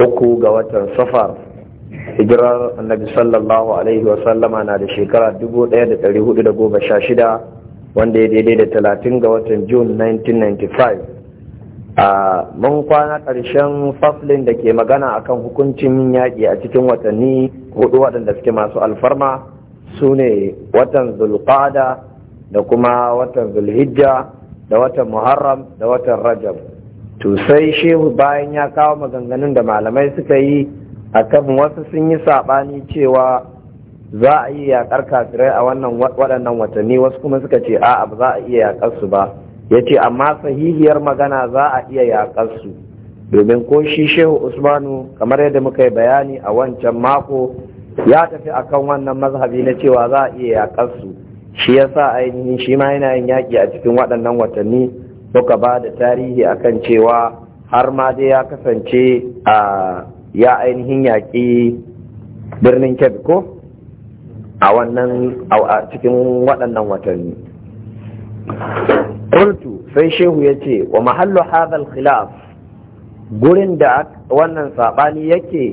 uku ga watan safar hijirar annabi sallallahu alaihi wasallama na da shekara 1416 wanda ya daidai da talatin ga watan june 1995 a mun kwana ƙarshen faflin da ke magana a kan hukuncin yaƙi a cikin watanni hudu waɗanda suke masu alfarma su ne watan zulqada da kuma watan zulhijja da watan muharram da watan rajab to sai shehu bayan ya kawo maganganun da malamai suka yi a kan wasu sun yi saɓani cewa za a yi yaƙar kafirai a wannan waɗannan watanni wasu kuma suka ce a'a ba za a iya yaƙar su ba ya ce amma sahihiyar magana za a iya yaƙar su domin ko shi shehu usmanu kamar yadda muka yi bayani a wancan mako ya tafi akan wannan mazhabi na cewa za a iya yaƙar su shi yasa ainihin shi ma yana yin yaƙi a cikin waɗannan watanni suka ba da tarihi akan cewa har ma dai ya kasance a ya ainihin yaƙi birnin kebbi ko a wannan a cikin waɗannan watanni Kurtu sai shehu ya ce wa mahallu hadal khilaf gurin da wannan saɓani yake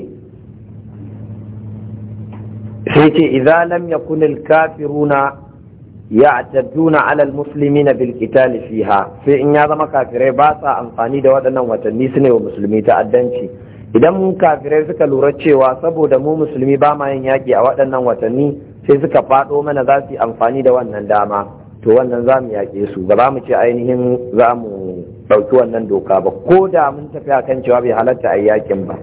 sai ce idza lam yakun kafiruna ya'tadduna 'ala al-muslimina bil qitali fiha sai in ya zama kafirai ba amfani da waɗannan watanni sune ne wa musulmi ta'addanci idan mun kafirai suka lura cewa saboda mu musulmi ba ma yin yaki a waɗannan watanni sai suka fado mana za su amfani da wannan dama to wannan za mu yaƙe su ba za mu ce ainihin za mu ɗauki wannan doka ba ko da mun tafi akan cewa bai halatta a yaƙin ba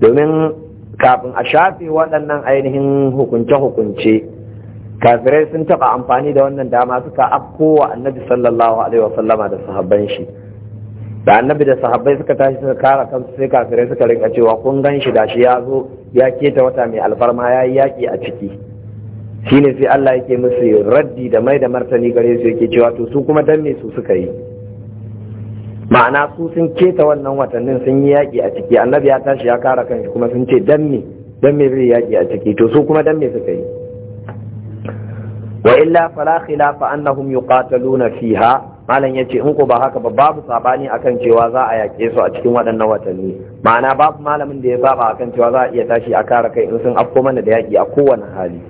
domin kafin a shafe waɗannan ainihin hukunce-hukunce kafirai sun taɓa amfani da wannan dama suka wa annabi sallallahu alaihi sallama da sahabban shi da annabi da sahabbai suka tashi suka kara kansu sai kafirai suka rinka cewa kun gan shi da shi ya zo ya keta wata mai alfarma ya yi yaƙi a ciki shine sai Allah yake musu raddi da mai da martani gare su yake cewa to su kuma dan me su suka yi ma'ana su sun keta wannan watannin sun yi yaƙi a ciki annabi ya tashi ya kara kanshi kuma sun ce dan me dan me zai yaƙi a ciki to su kuma dan me suka yi wa illa fala khilafa annahum yuqataluna fiha malam yace in ko ba haka ba babu sabani akan cewa za a yake su a cikin waɗannan watanni ma'ana babu malamin da ya saba akan cewa za a iya tashi a kare kai in sun afko mana da yaki a kowane hali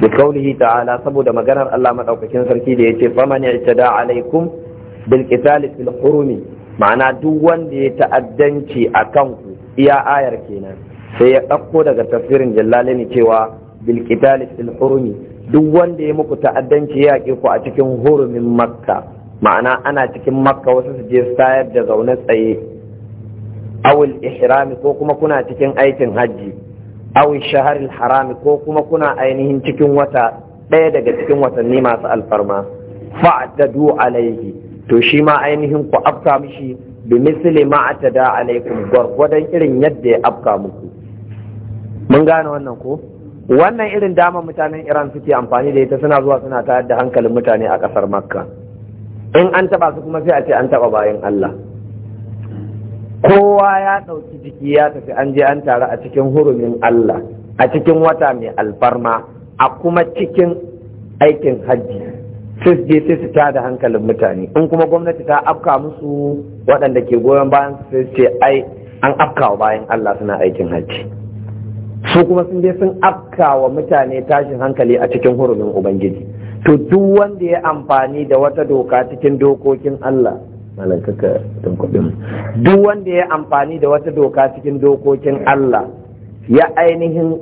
bi kaulihi ta'ala saboda maganar Allah madaukakin sarki da yace faman ya'tada alaikum bil qitali fil hurumi ma'ana duk wanda ya ta'addanci akan ku iya ayar kenan sai ya ɗauko daga tafsirin jallalini cewa bil qitali fil hurumi duk wanda ya muku ta'addanci ya ku a cikin hurumin makka ma'ana ana cikin makka wasu su je sayar da zaune tsaye awul ihrami ko kuma kuna cikin aikin hajji awul shaharil harami ko kuma kuna ainihin cikin wata ɗaya daga cikin watanni masu alfarma fa'tadu alaihi to shi ma ainihin ku afka mishi bi misli ma atada alaikum gwargwadon irin yadda ya afka muku mun gane wannan ko wannan irin dama mutanen iran suke amfani da ita suna zuwa suna tayar da hankalin mutane a kasar makka in an taba su kuma sai a ce an taba bayan allah kowa ya ɗauki jiki ya tafi an je an taru a cikin hurumin allah a cikin wata mai alfarma a kuma cikin aikin hajji sai je sai su tada hankalin mutane in kuma gwamnati ta afka musu waɗanda ke goyon bayan su sai ce ai an afkawa bayan allah suna aikin hajji su kuma sun je sun afka wa mutane tashin hankali a cikin hurumin ubangiji to duk wanda ya amfani da wata doka cikin dokokin Allah duk wanda ya amfani da wata doka cikin dokokin Allah ya ainihin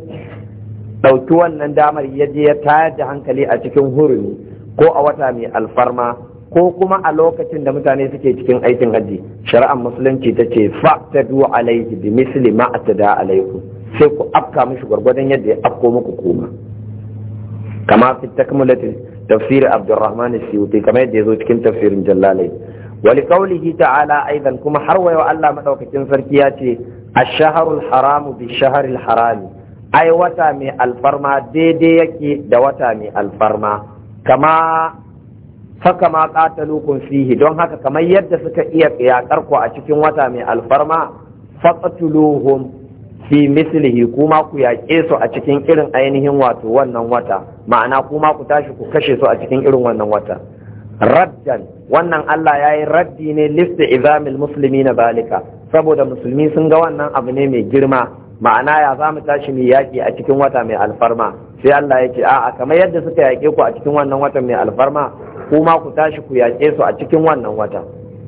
ɗauki wannan damar ya je ya tayar da hankali a cikin hurumi ko a wata mai alfarma ko kuma a lokacin da mutane suke cikin aikin hajji shari'ar musulunci ta ce fa'tadu alaihi bi misli ma da alaikum sai ku afka mishi gwargwadon yadda ya afko muku kuma kama fi takmulati tafsir abdurrahman as-suyuti kama yadda yazo cikin tafsirin jallalai wali qawlihi ta'ala aidan kuma har wayo Allah madaukakin sarki ya ce ash-shahrul haramu bi shahril harami ai wata mai alfarma daidai yake da wata mai alfarma kama haka ma qatalukun fihi don haka kamar yadda suka iya yakar ku a cikin wata mai alfarma faqtuluhum fi mislihi kuma ku yaƙe su a cikin irin ainihin wato wannan wata ma'ana kuma ku tashi ku kashe su a cikin irin wannan wata raddan wannan Allah ya yi raddi ne lista izamil musulmi na balika saboda musulmi sun ga wannan abu ne mai girma ma'ana ya za mu tashi mai yaƙi a cikin wata mai alfarma sai Allah ya ce a'a kamar yadda suka yaƙe ku a cikin wannan wata mai alfarma kuma ku tashi ku yaƙe su a cikin wannan wata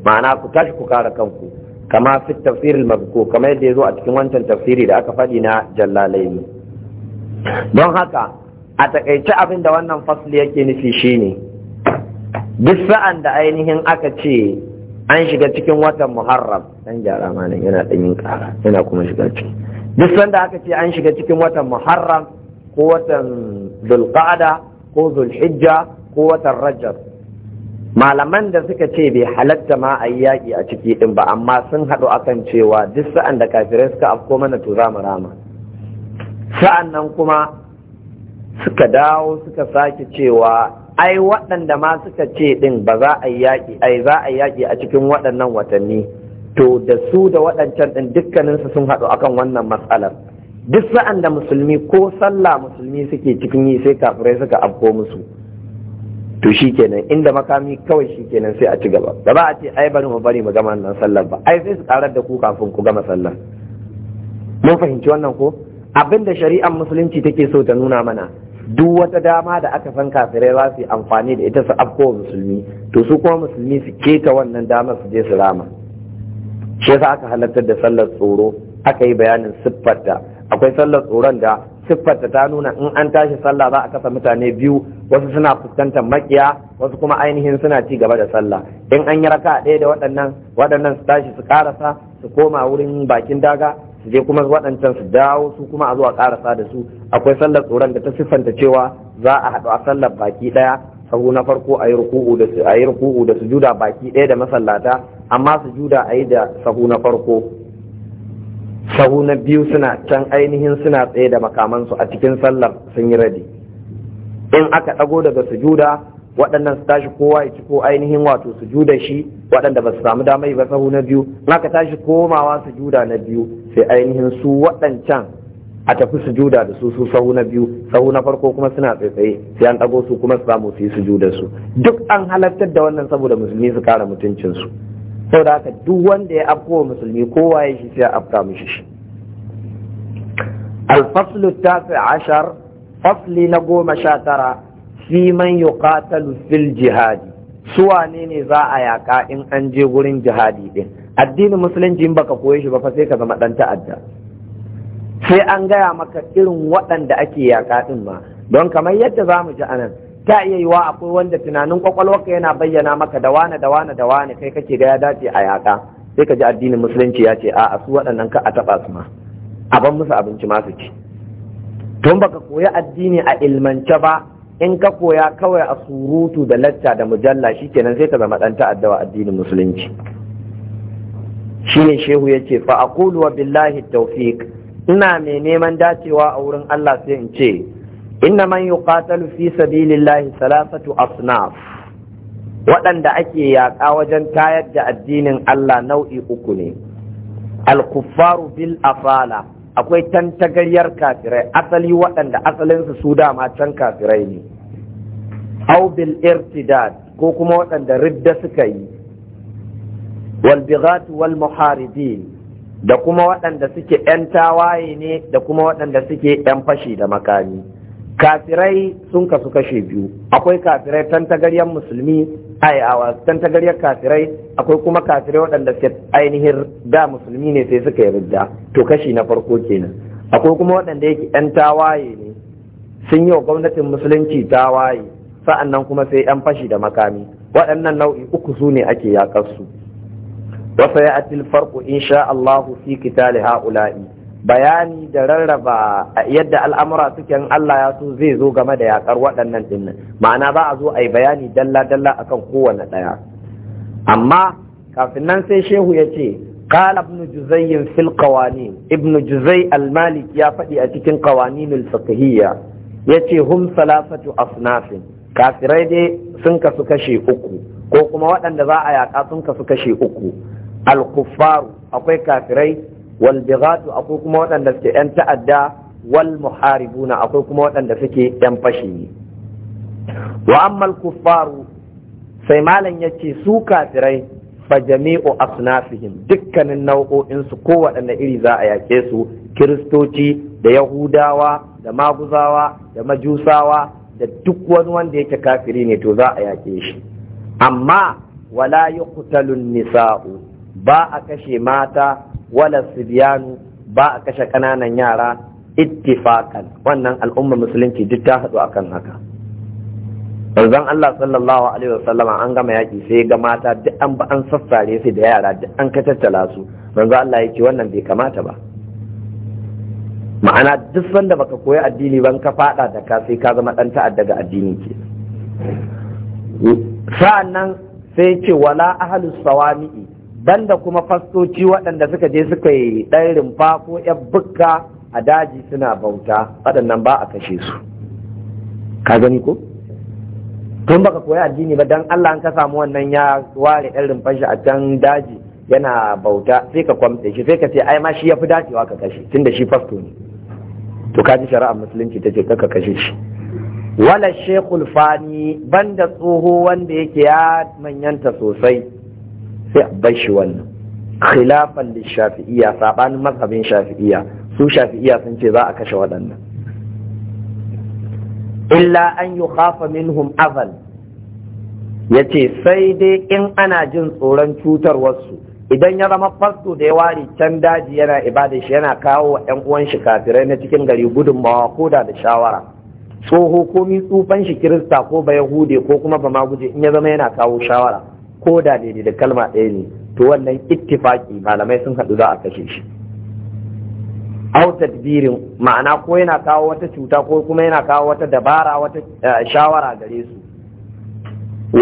ma'ana ku tashi ku kare kanku kama fi tafsir al-mazkur kama yadda yazo a cikin wancan tafsiri da aka faɗi na jallalaini don haka a takaice abin da wannan fasli yake nufi shine duk sa'an da ainihin aka ce an shiga cikin watan muharram dan gyara malam yana dan yin yana kuma shiga cikin duk sanda aka ce an shiga cikin watan muharram ko watan zulqa'ada ko zulhijja ko watan rajab malaman da suka ce bai halatta ma a yi yaƙi a ciki ɗin ba amma sun haɗu akan cewa duk sa'an da kafirai suka afko mana to za mu rama sa'an nan kuma suka dawo suka sake cewa ai waɗanda ma suka ce ɗin ba za a yi yaƙi ai za a yaƙi a cikin waɗannan watanni to da su da waɗancan ɗin dukkaninsu sun haɗu akan wannan matsalar duk sa'an da musulmi ko sallah musulmi suke cikin yi sai kafirai suka afko musu to shi kenan, inda makami kawai shi kenan sai a ci gaba da ba a ce ai bari mu bari mu gama wannan sallar ba ai sai su karar da ku kafin ku gama sallar mun fahimci wannan ko abinda shari'ar musulunci take so ta nuna mana duk wata dama da aka san kafirai za su yi amfani da ita su afko musulmi to su kuma musulmi su keta wannan damar su je su rama shi yasa aka halartar da sallar tsoro aka yi bayanin siffarta akwai sallar tsoron da siffarta ta nuna in an tashi sallah za a kasa mutane biyu wasu suna fuskantar makiya wasu kuma ainihin suna ci gaba da sallah in an yi raka ɗaya da waɗannan waɗannan su tashi su karasa su koma wurin bakin daga su je kuma waɗancan su dawo su kuma a zuwa karasa da su akwai sallar tsoron da ta siffanta cewa za a haɗu a sallar baki ɗaya sahu na farko a yi ruku'u da su a yi ruku'u da sujuda baki ɗaya da masallata amma su juda a yi da sahu na farko sahu na biyu suna can ainihin suna tsaye da makamansu a cikin sallar sun yi radi in aka ɗago daga sujuda waɗannan su tashi kowa ya ci ainihin wato sujuda shi waɗanda ba su samu damai ba sahu na biyu in aka tashi komawa sujuda na biyu sai ainihin su waɗancan a tafi sujuda da su su sahu na biyu sahu na farko kuma suna tsaitsaye sai an ɗago su kuma su samu su yi sujuda su duk an halartar da wannan saboda musulmi su kare mutuncinsu saboda haka duk wanda ya afkowa musulmi kowa ya shi sai afka mishi shi goma sha tara fi man yuqatalu fil من suwa ne ne za a yaka in an je wurin jihadi din? addinin musulunci in baka koye shi ba fa sai ka zama dan ta'adda sai an gaya maka irin waɗanda ake yaka din ma don kamar yadda za mu ji anan ta iya yiwa akwai wanda tunanin kwakwalwarka yana bayyana maka da wane da wane da wane kai kake ga ya dace a yaka, sai ka ji addinin musulunci ya ce a'a su waɗannan ka a taɓa su ma a ban musu abinci masu ci tun baka koya addini a ilmance ba in ka koya kawai a surutu da lacca da mujalla shikenan sai ka zama dan ta'adda wa addinin musulunci shine shehu ya ce fa aqulu wa billahi tawfiq ina mai neman dacewa a wurin Allah sai in ce inna man yuqatalu fi sabilillahi salasatu asnaf waɗanda ake yaƙa wajen tayar da addinin Allah nau'i uku ne al-kuffaru bil afala akwai tantagaryar kafirai asali waɗanda asalinsu su dama can kafirai ne aw bil irtidad ko kuma waɗanda ridda suka yi wal bighat wal muharibin da kuma waɗanda suke ‘yan tawaye ne da kuma waɗanda suke ‘yan fashi da makami. kafirai sun kasu kashe biyu akwai kafirai tantagaryen musulmi ai awa tantagaryen kafirai akwai kuma kafirai waɗanda suke ainihin da musulmi ne sai suka yarda to kashi na farko kenan akwai kuma waɗanda yake yan tawaye ne sun yi wa gwamnatin musulunci tawaye sa'annan kuma sai yan fashi da makami waɗannan nau'i uku su ne ake yaƙar su wasa ya atil farko insha Allahu fi kitali ha'ula'i bayani da rarraba yadda al'amura suke Allah ya so zai zo game da yakar waɗannan ɗinnan, ma'ana ba a zo a yi bayani dalla-dalla akan kowane ɗaya amma kafin nan sai shehu ya ce قال ابن جزي في القوانين ابن جزي المالك يا فدي أتكن قوانين الفقهية يتي هم ثلاثة أصناف kafirai dai sun kasu kashe uku ko kuma waɗanda za a yaƙa sun kasu kashe uku al alkufaru akwai kafirai wal akwai kuma waɗanda suke yan ta'adda wal muharibuna akwai kuma waɗanda suke yan fashi ne wa ammal kuffaru sai malam yace su kafirai fa jami'u asnafihim dukkanin nau'o'in su ko iri za a yaƙe su kiristoci da yahudawa da maguzawa da majusawa da duk wani wanda yake kafiri ne to za a yaƙe shi amma wala yuqtalun nisa'u ba a kashe mata wala sibiyanu ba a kashe kananan yara ittifaqan wannan al'umma musulunci duk ta haɗu akan haka manzon Allah sallallahu alaihi wasallama an gama yaki sai ga mata duk an ba an sassare su da yara duk an katattala su manzon Allah yake wannan bai kamata ba ma'ana duk sanda baka koyi addini ban ka fada da ka sai ka zama dan ta'adda ga addini ke sa'annan sai ce wala ahlus sawami'i banda kuma fastoci waɗanda suka je suka yi ɗan rumfa ko ‘yan bukka a daji suna bauta waɗannan ba a kashe su ka gani ko tun baka koyi addini ba dan Allah an ka samu wannan ya ware ɗan rumfan shi a can daji yana bauta sai ka kwamtse shi sai ka ce ai ma shi ya fi dacewa ka kashe tunda shi fasto ne to ka ji shari'ar musulunci ta ce ka kashe shi wala shekul fani banda tsoho wanda yake ya manyanta sosai sai bar shi wannan khilafan da shafi'iyya sabanin mazhabin shafi'iyya su shafi'iyya sun ce za a kashe waɗannan illa an yi khafa minhum azal ya ce sai dai in ana jin tsoron cutar wasu idan ya zama fasto da ya ware can daji yana ibada shi yana kawo wa ‘yan uwan shi kafirai na cikin gari gudunmawa ko da da shawara tsoho ko mi tsufan shi kirista ko ba yahude ko kuma ba ma in ya zama yana kawo shawara ko da ne da kalma ɗaya ne to wannan ittifaki malamai sun haɗu za a kashe shi au tadbirin ma'ana ko yana kawo wata cuta ko kuma yana kawo wata dabara wata eh, shawara gare su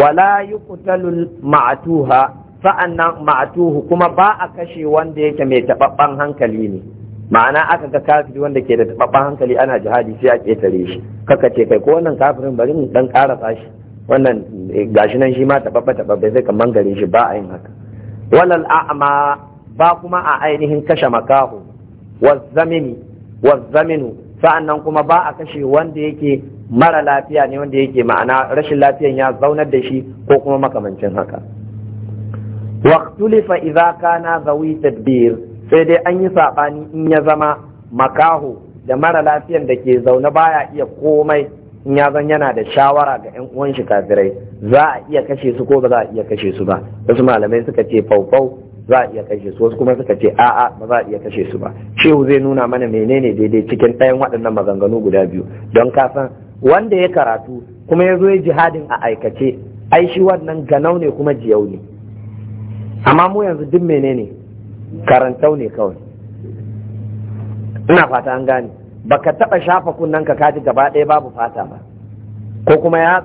wala yuqtalu ma'tuha sa'annan ma'tuhu kuma ba a kashe wanda yake mai tababban hankali ne ma'ana aka ga kafiri wanda ke da tababban hankali ana jihadi sai a ketare shi kaka ce kai ko wannan kafirin bari mu dan karasa shi wannan eh, gashi nan shi ma tababba tababba zai ka gare shi ba a yin haka walal a'ma ba kuma a ainihin kashe makahu wazzamini wazzaminu sa'annan kuma ba a kashe wanda yake mara lafiya ne wanda yake ma'ana rashin lafiyan ya zaunar da shi ko kuma makamancin haka waqtulifa idza kana zawi tadbir sai dai an yi sabani in ya zama makahu da mara lafiyan da ke zaune baya iya komai in ya zan yana da shawara ga yan uwan shi kafirai za a iya kashe su ko ba za a iya kashe su ba wasu malamai suka ce faufau za a iya kashe su wasu kuma suka ce a'a ba za a iya kashe su ba shehu zai nuna mana menene daidai cikin ɗayan waɗannan maganganu guda biyu don ka san wanda ya karatu kuma ya zo ya jihadin a aikace ai shi wannan ganau ne kuma jiyau ne amma mu yanzu duk menene karantau ne kawai ina fata an gane baka taba shafa kunnen ka kaji gaba ɗaya babu fata ba ko kuma ya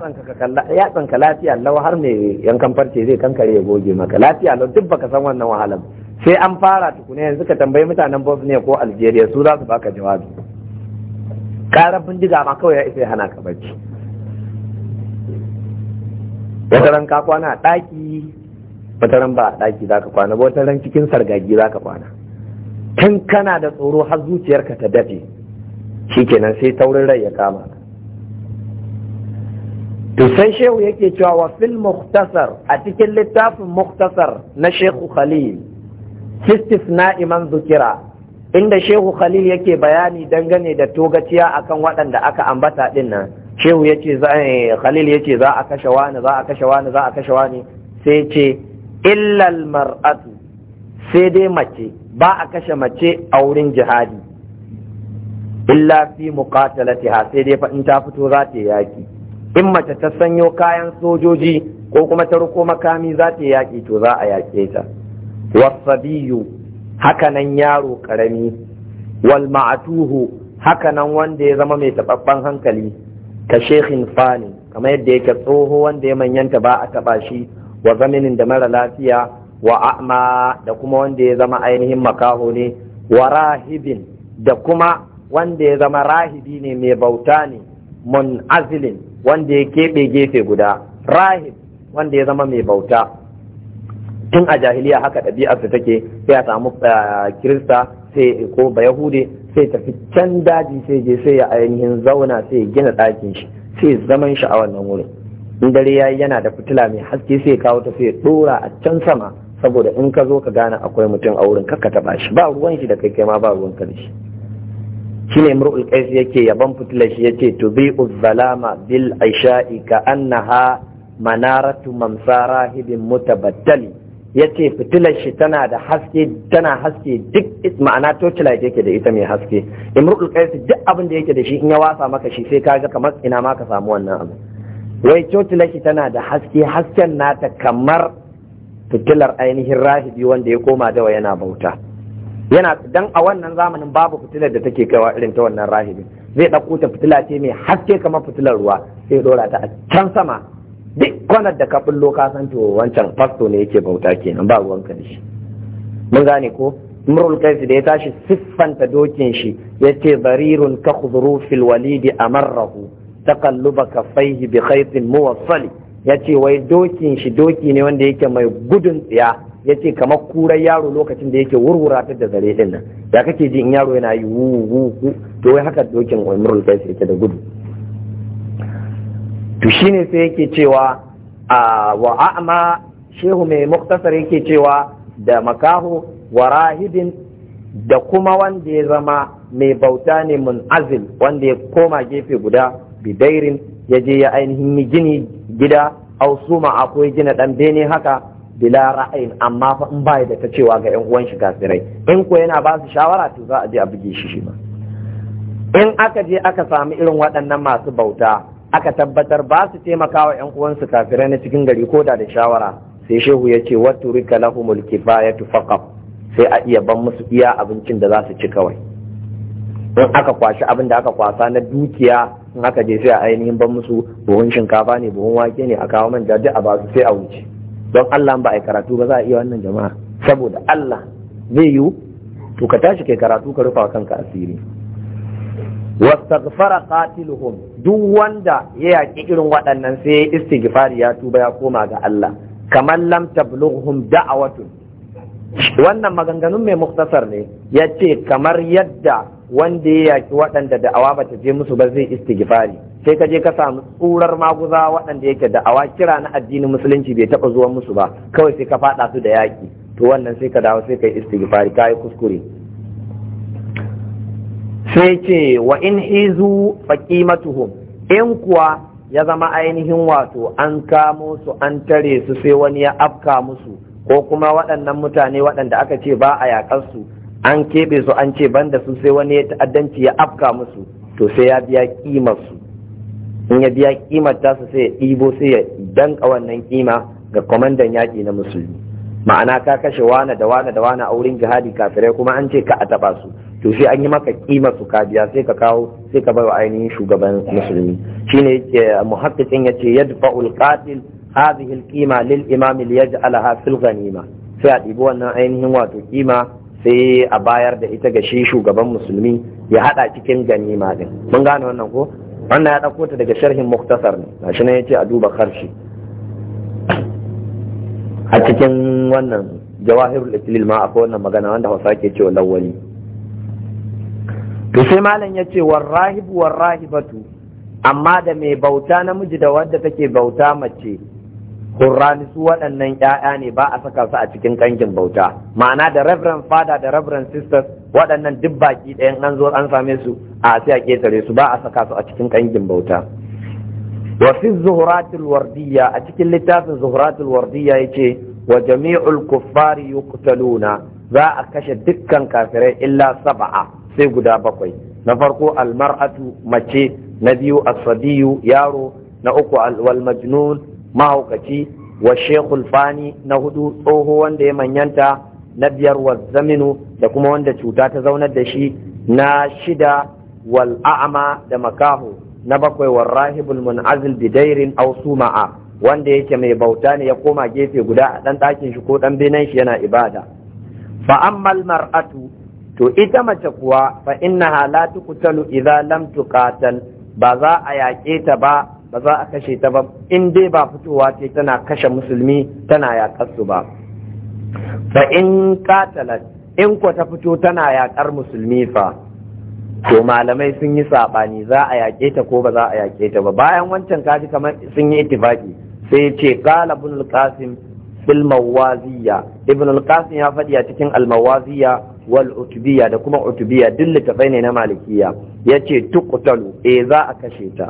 tsanka lafiya lau har mai yankan farce zai kankare ya goge maka lafiya lau duk baka san wannan wahalar sai an fara tukuna yanzu ka tambayi mutanen Bosnia ko Algeria su za su baka jawabi karar bindiga ma kawai ya isa hana ka bacci wata ran ka kwana a ɗaki wata ran ba a ɗaki za ka kwana wata ran cikin sargagi za ka kwana tun kana da tsoro har zuciyarka ta dafe shikenan sai taurin rai ya kama to sai shehu yake cewa wa fil mukhtasar a cikin littafin mukhtasar na shehu khalil na iman zukira inda shehu khalil yake bayani dangane da togaciya akan waɗanda aka ambata din nan shehu ya ce eh, khalil ce za a kashe wani za a kashe wani za a kashe wani sai ce illal mar'atu sai dai mace ba a kashe mace a wurin jihadi illa fi muqatalatiha sai dai fa in ta fito za ta yaki in mace ta sanyo kayan sojoji ko kuma ta ruko makami za ta yaki to za a yake ta wasabiyu hakanan yaro karami wal ma'atuhu hakanan wanda ya zama mai tababban hankali ka shekhin fani kamar yadda yake tsoho wanda ya manyanta ba a taba shi wa zaminin da mara lafiya wa a'ma da kuma wanda ya zama ainihin makaho ne wa rahibin da kuma wanda ya zama rahibi ne mai bauta ne azilin wanda ya keɓe gefe guda rahib wanda ya zama mai bauta tun a jahiliya haka ɗabi'arsa take sai a samu eh, kirista sai ko bayahude sai tafi can daji sai je sai ya ainihin zauna sai gina ɗakin shi sai zaman shi a wannan wurin in dare yayi yana da fitila mai haske sai kawo ta sai dora a can sama saboda in ka zo ka gane akwai mutum a wurin kakka taba shi ba ruwan shi da kai kai ma ba ruwan ka shi shine imru'ul qais yake yaban fitilar shi yace tubi'u zalama bil aisha'i ka annaha manaratu mamsara hibin mutabattali yace fitilar shi tana da haske tana haske duk ma'ana tocila yake da ita mai haske imru'ul qais duk abin da yake da shi in ya wasa maka shi sai kaga kamar ina ma ka samu wannan abin wai tocila shi tana da haske hasken nata kamar fitilar ainihin rahibi wanda ya koma dawa yana bauta yana dan a wannan zamanin babu fitilar da take kaiwa irin ta wannan rahibin zai ɗauko ta fitila ce mai haske kamar fitilar ruwa sai dora ta a can sama duk kwanar da ka bullo ka san to wancan fasto ne yake bauta kenan ba ruwan ka shi mun gane ko murul kaisi da ya tashi siffanta dokin shi yace barirun ka fil walidi amarrahu taqalluba kafaihi bi khaytin muwassali yace wai dokin shi doki ne wanda yake mai gudun tsiya Ya ce kamar kurar yaro lokacin da yake wurwura ta da zare din nan da kake ji in yaro yana yi wuwu to wai haka dokin umrul qais yake da gudu to shine sai yake cewa a wa a'ma shehu mai muktasar yake cewa da makahu wa rahibin da kuma wanda ya zama mai bauta ne mun'azil wanda ya koma gefe guda bidairin ya je ya ainihin gini gida au suma akwai gina ɗan bene haka bila ra'ayin amma fa in bai da ta cewa ga yan uwan shi kafirai in ko yana ba su shawara to za a je a buge shi shi ma in aka je aka samu irin waɗannan masu bauta aka tabbatar ba su taimakawa yan uwansu kafirai na cikin gari ko da da shawara sai shehu ya ce wa turika lahumul kifayatu faqat sai a iya ban musu iya abincin da za su ci kawai in aka kwashi abin da aka kwasa na dukiya in aka je sai a ainihin ban musu buhun shinkafa ne buhun wake ne a kawo manja duk a basu sai a wuce don Allah ba a karatu ba za a iya wannan jama'a saboda Allah zai yiwu to ka tashi kai karatu ka rufa kanka asiri wastaghfara qatiluhum duk wanda ya yaki irin waɗannan sai ya istighfari ya tuba ya koma ga Allah kamar lam tablughum da'awatun wannan maganganun mai muktasar ne ya ce kamar yadda wanda ya yaki waɗanda da'awa bata je musu ba zai istighfari sai ka je ka samu tsurar maguza waɗanda yake da awa kira na addinin musulunci bai taɓa zuwa musu ba kawai sai ka faɗa su da yaƙi to wannan sai ka dawo sai ka yi istighfari ka yi kuskure sai ce wa in hizu faqimatuhum in kuwa ya zama ainihin wato an kamo su an tare su sai wani ya afka musu ko kuma waɗannan mutane waɗanda aka ce ba a yaƙar su an keɓe su an ce banda su sai wani ya ta'addanci ya afka musu to sai ya biya kimar su in ya biya kimar tasa sai ya ɗibo sai ya danka wannan kima ga kwamandan yaƙi na musulmi ma'ana ka kashe wane da wane da wane a wurin jihadi kafirai kuma an ce ka a taba su to sai an yi maka kima su ka biya sai ka kawo sai ka bai wa ainihin shugaban musulmi shine yake eh, muhaqqiqin yace yadfa'ul qatil hadhihi al-qima lil imam liyaj'alaha fil ghanima sai a ɗibo wannan ainihin wato kima sai a bayar da ita ga shi shugaban musulmi ya hada cikin ganima din mun gane wannan ko wannan ya ɗauko ta daga sharhin muktasar ne na shi ya ce a duba karshe a cikin wannan jawahirul itilil ma akwai wannan magana wanda hausa ke cewa lawali to sai malam ya ce war rahibu war rahibatu amma da mai bauta namiji da wadda take bauta mace Qurrani su waɗannan ‘ya'ya ne ba a saka su a cikin ƙangin bauta, ma'ana da Reverend Father da Reverend Sisters waɗannan duk baki ɗayan an zo an same su a sai a ƙetare su ba a saka su a cikin ƙangin bauta. Wa fi zuhuratul wardiyya a cikin littafin zuhuratul wardiyya yace wa jami'ul kuffari yuqtaluna za a kashe dukkan kafirai illa saba'a sai guda bakwai. Na farko almar'atu mace, na biyu as-sadiyu yaro, na uku al-majnun mahaukaci wa shekul na hudu tsoho wanda ya manyanta na biyar wa zaminu da kuma wanda cuta ta zaunar da shi na shida wal a'ama da makahu na bakwai wa rahibul mun'azil bidairin aw suma'a wanda yake mai bauta ne ya koma gefe guda a dan ɗakin shi ko ɗan binan shi yana ibada fa ammal mar'atu to ita mace kuwa fa innaha la tuqtalu idza lam tuqatal ba za a yake ta ba ba za a kashe ta ba in dai ba fitowa ce tana kashe musulmi tana yaƙar su ba fa in katalat in ko ta fito tana yaƙar musulmi fa to malamai sun yi saɓani za a yaƙe ta ko ba za a yaƙe ta ba bayan wancan kaji kamar sun yi itifaki sai ce qala ibn al-qasim fil mawaziya ibn al-qasim ya faɗi a cikin al mawaziya wal utubiya da kuma utubiya duk littafai ne na malikiya yace tuqtalu eh za a kashe ta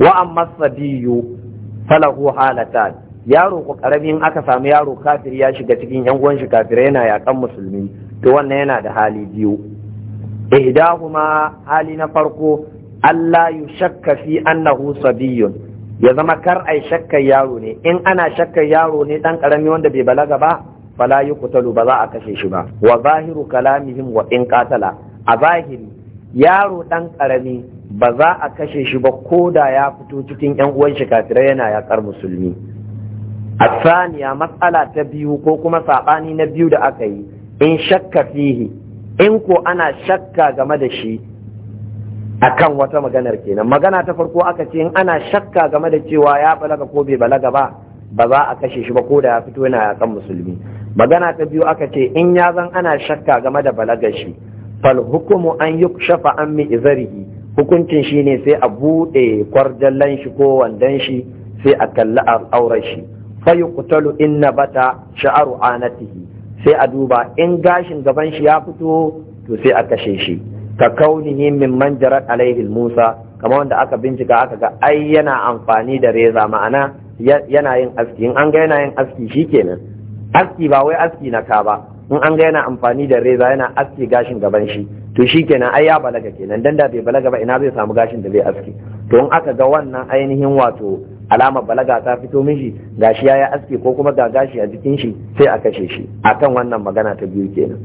wa amma sabiyu falahu halatan yaro ko karamin aka samu yaro kafiri ya shiga cikin yan uwan shi kafira yana yakan musulmi to wannan yana da hali biyu ihdahuma hali na farko Allah yushakka fi annahu sabiyun ya zama kar ai shakkar yaro ne in ana shakkar yaro ne dan karami wanda bai balaga ba fala yuqtalu ba za a kashe shi ba wa zahiru kalamihim wa in qatala a zahiri yaro ɗan ƙarami ba za a kashe shi ba ko da ya fito cikin ‘yan uwan shi kafirai yana yaƙar musulmi a saniya matsala ta biyu ko kuma saɓani na biyu da aka yi in shakka fihi in ko ana shakka game da shi akan wata maganar kenan magana ta farko aka ce in ana shakka game da cewa ya balaga ko bai balaga ba ba za a kashe shi ba ko da ya fito yana yakan musulmi magana ta biyu aka ce in ya zan ana shakka game da balagar shi fal hukumu an yukshafa an izarihi hukuncin shi ne sai a buɗe kwarjallan shi ko wandan shi sai a kalli auren shi kutalu in na bata nabata na anatihi sai a duba in gashin gaban shi ya fito to sai a kashe shi ka kaunihi min manjarat alaihi musa kamar wanda aka bincika aka ga ai yana amfani da reza ma'ana yana yin aski in an ga yana yin aski shikenan aski ba wai aski na ka ba in an ga yana amfani da reza yana aske gashin gaban shi to shi kenan ai ya balaga kenan dan da bai balaga ba ina zai samu gashin da zai aske to in aka ga wannan ainihin wato alama balaga ta fito mishi gashi ya ya aske ko kuma ga gashi a jikin shi sai a kashe shi akan wannan magana ta biyu kenan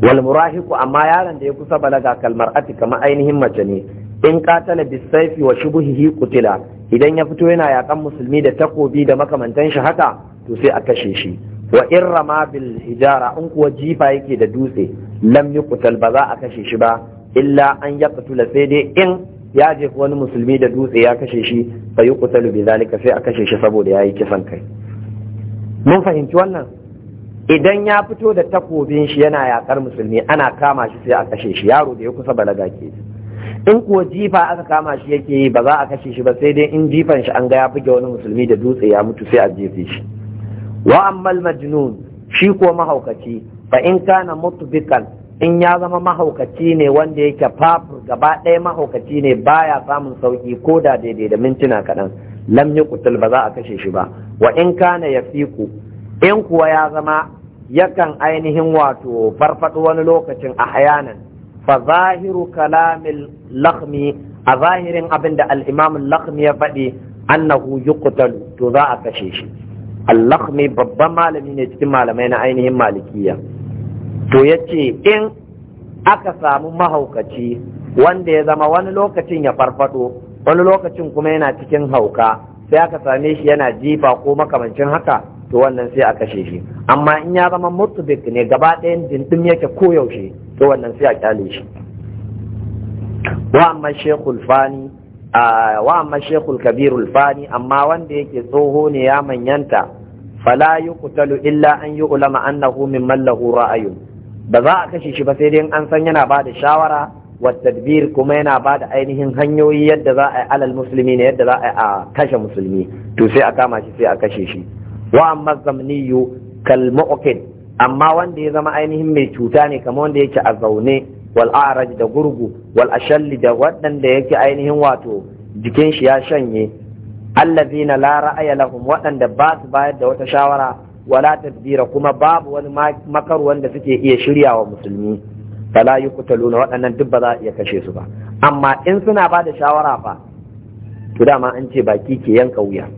wal murahiqu amma yaron da ya kusa balaga kalmar ati kamar ainihin mace ne in katala bisaifi wa shubuhihi kutila idan ya fito yana yakan musulmi da takobi da makamantan shi haka to sai a kashe shi wa in rama bil hijara in kuwa jifa yake da dutse lam yuqtal ba za a kashe shi ba illa an yaqtula sai dai in ya jefa wani musulmi da dutse ya kashe shi fa yuqtalu bi zalika sai a kashe shi saboda yayi kisan kai mun fahimci wannan idan ya fito da takobin shi yana yakar musulmi ana kama shi sai a kashe shi yaro da ya kusa balaga ke in kuwa jifa aka kama shi yake yi ba za a kashe shi ba sai dai in jifan shi an ga ya buge wani musulmi da dutse ya mutu sai a jefe shi wa ammal majnun shi ko mahaukaci fa in kana mutbikan in ya zama mahaukaci ne wanda yake fafur gaba ɗaya mahaukaci ne baya samun sauki ko da daidai da mintuna kaɗan lam yi kutul ba za a kashe shi ba wa in kana ya ku, in kuwa ya zama yakan ainihin wato farfaɗo wani lokacin a hayanan fa zahiru kalamil lakmi a zahirin abin da al'imamin lakmi ya faɗi annahu yuqtalu to za a kashe shi al-lakhmi babban malami ne cikin malamai na ainihin malikiya to yace in aka samu mahaukaci wanda ya zama wani lokacin ya farfado wani lokacin kuma yana cikin hauka sai aka same shi yana jifa ko makamancin haka to wannan sai a kashe shi amma in ya zama mutubik ne gaba ɗayan jindim yake koyaushe to wannan sai a kyale shi wa amma shekul fani wa amma shekul kabirul fani amma wanda yake tsoho ne ya manyanta fala yuqtalu illa an yi ulama annahu mimman mallahu ra'ayun ba za a kashe shi ba sai dai an san yana bada shawara wa tadbir kuma yana bada ainihin hanyoyi yadda za a yi alal musulmi ne yadda za a yi a kashe musulmi to sai a kama shi sai a kashe shi wa amma zamniyu amma wanda ya zama ainihin mai cuta ne kamar wanda yake a zaune wal a'raj da gurgu wal ashalli da waɗanda yake ainihin wato jikin shi ya shanye allazina la ra'aya lahum waɗanda ba su bayar da wata shawara wala tadbira kuma babu wani makar wanda suke iya shirya wa musulmi fala yuqtaluna waɗannan duk ba za a iya kashe su ba amma in suna ba da shawara fa to dama an ce baki ke yanka wuya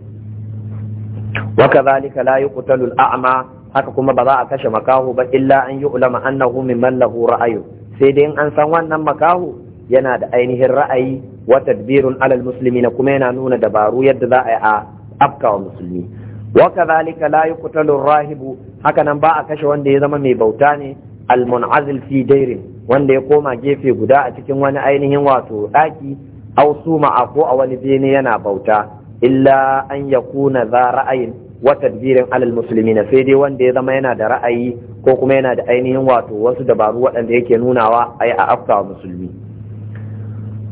wa kadhalika la yuqtalu al-a'ma haka kuma ba za a kashe makahu ba illa an yu'lama annahu mimman lahu ra'ayu sai dai in an san wannan makahu yana da ainihin ra'ayi wa tadbirun alal musulmi na kuma yana nuna dabaru yadda za a yi a afkawa musulmi wa kadhalika la yuqtalu rahibu haka nan ba a kashe wanda ya zama mai bauta ne al mun'azil fi dairin wanda ya koma gefe guda a cikin wani ainihin wato daki aw suma ko a wani bene yana bauta illa an yakuna za ra'ayin wa tadbirin alal musulmi na sai dai wanda ya zama yana da ra'ayi ko kuma yana da ainihin wato wasu dabaru waɗanda yake nunawa ayi a afkawa musulmi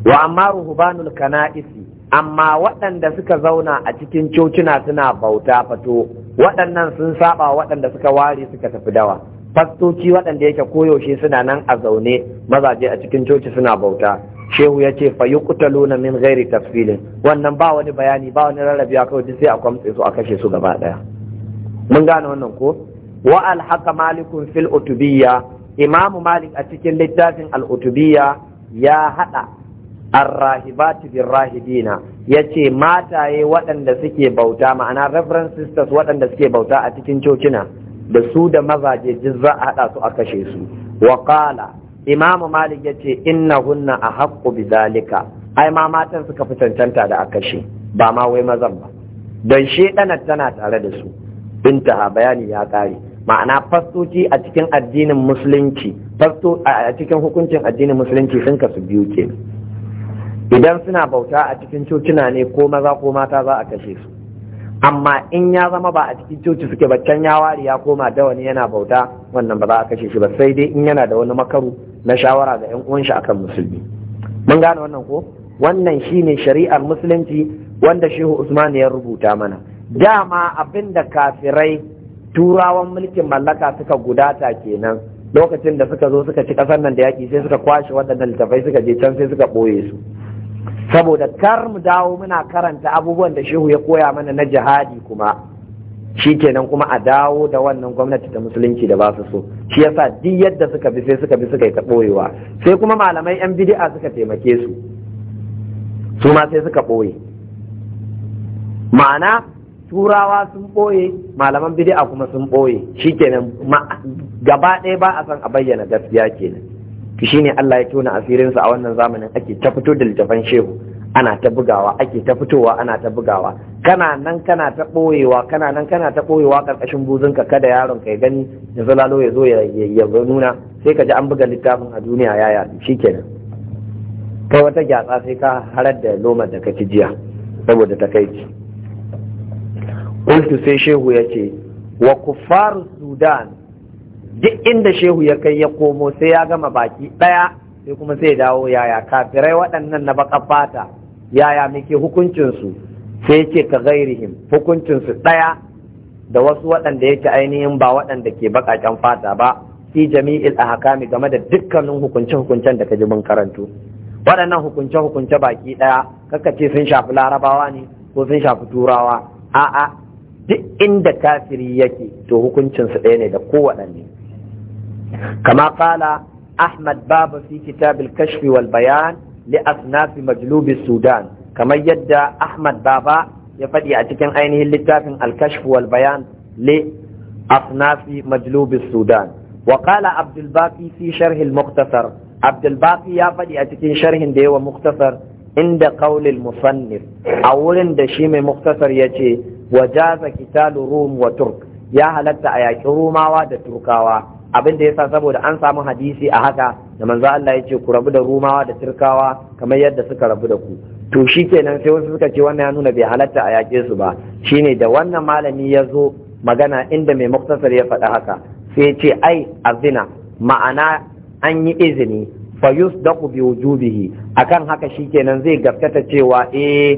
wa amma ruhubanul kana'isi amma waɗanda suka zauna a cikin cocina suna bauta fato waɗannan sun saba waɗanda suka ware suka tafi dawa fastoci waɗanda yake koyaushe suna nan a zaune mazaje a cikin coci suna bauta shehu ya ce fa na min gairi tafsilin wannan ba wani bayani ba wani a kawai duk sai a kwamtse su a kashe su gaba ɗaya mun gane wannan ko wa alhaka malikun fil utubiyya imamu malik a cikin littafin al utubiyya ya haɗa arrahibatu birrahibina yace mataye waɗanda suke bauta ma'ana reference sisters waɗanda suke bauta a cikin cocina da su da mazaje duk za a haɗa su a kashe su wa qala imamu malik yace innahunna ahaqqu bidhalika ai ma matan suka fi cancanta da a kashe ba ma wai mazan ba dan shedanar tana tare da su ha bayani ya kare ma'ana fastoci a cikin addinin musulunci fasto a cikin hukuncin addinin musulunci sun kasu biyu kenan idan suna bauta a cikin cocina ne ko maza ko mata za a kashe su amma in ya zama ba a cikin coci suke ba can ya wari ya koma da wani yana bauta wannan ba za a kashe shi ba sai dai in yana da wani makaru na shawara ga yan uwan shi akan musulmi mun gane wannan ko wannan shine shari'ar musulunci wanda shehu usman ya rubuta mana dama abin da kafirai turawan mulkin mallaka suka gudata kenan lokacin da suka zo suka ci kasar nan da yaki sai suka kwashe waɗannan littafai suka je can sai suka ɓoye su saboda kar mu dawo muna karanta abubuwan da shehu ya koya mana na jihadi kuma Shi kenan kuma a dawo da wannan gwamnati ta musulunci da ba su so shi yasa duk yadda suka bi sai suka bi suka yi ta boyewa sai kuma malamai yan bid'a suka taimake su su ma sai suka boye ma'ana turawa sun boye malaman bidi'a kuma sun boye kenan gaba ɗaya ba a san a bayyana gaskiya kenan to shine Allah ya tona asirinsa a wannan zamanin ake ta fito da littafan shehu ana ta bugawa ake ta fitowa ana ta bugawa kana nan kana ta boyewa kana nan kana ta boyewa karkashin buzunka kada yaron ka ya gani ya zalalo ya zo ya nuna sai ka ji an buga littafin a duniya ya yaɗu shikenan kai wata gyatsa sai ka harar da loma da ka jiya saboda takaici Ultu sai shehu ya ce wa kuffaru Sudan duk inda shehu ya kai ya komo sai ya gama baki ɗaya sai kuma sai dawo yaya kafirai waɗannan na baka fata yaya muke hukuncinsu sai ce ka gairihim hukuncinsu ɗaya da wasu waɗanda yake ainihin ba waɗanda ke baƙaƙen fata ba fi jami'il hakami game da dukkanin hukunce-hukuncen da ka ji mun karantu waɗannan hukunce-hukunce baki ɗaya kaka ce sun shafi larabawa ne ko sun shafi turawa a'a duk inda kafiri yake to hukuncinsu ɗaya ne da kowaɗanne kama kala ahmad Baba fi kitabil kashfi wal bayan li majlubi sudan kamar yadda ahmad baba ya faɗi a cikin ainihin littafin al-kashf wal bayan majlubi sudan wa qala fi sharh al-mukhtasar ya faɗi a cikin sharhin da wa mukhtasar inda qawli musannif a wurin da shi mai mukhtasar yace wa jaza qitalu rum wa turk ya halatta a yaƙi rumawa da turkawa abin da yasa saboda an samu hadisi a haka da manzo Allah ya ce ku rabu da rumawa da turkawa kamar yadda suka rabu da ku to shi kenan sai wasu suka ce wannan ya nuna bai halatta a yaƙe su ba shine da wannan malami ya zo magana inda mai muktasar ya faɗa haka sai ya ce ai azina ma'ana an yi izini fa yusdaqu bi wujubihi akan haka shi kenan zai gaskata cewa eh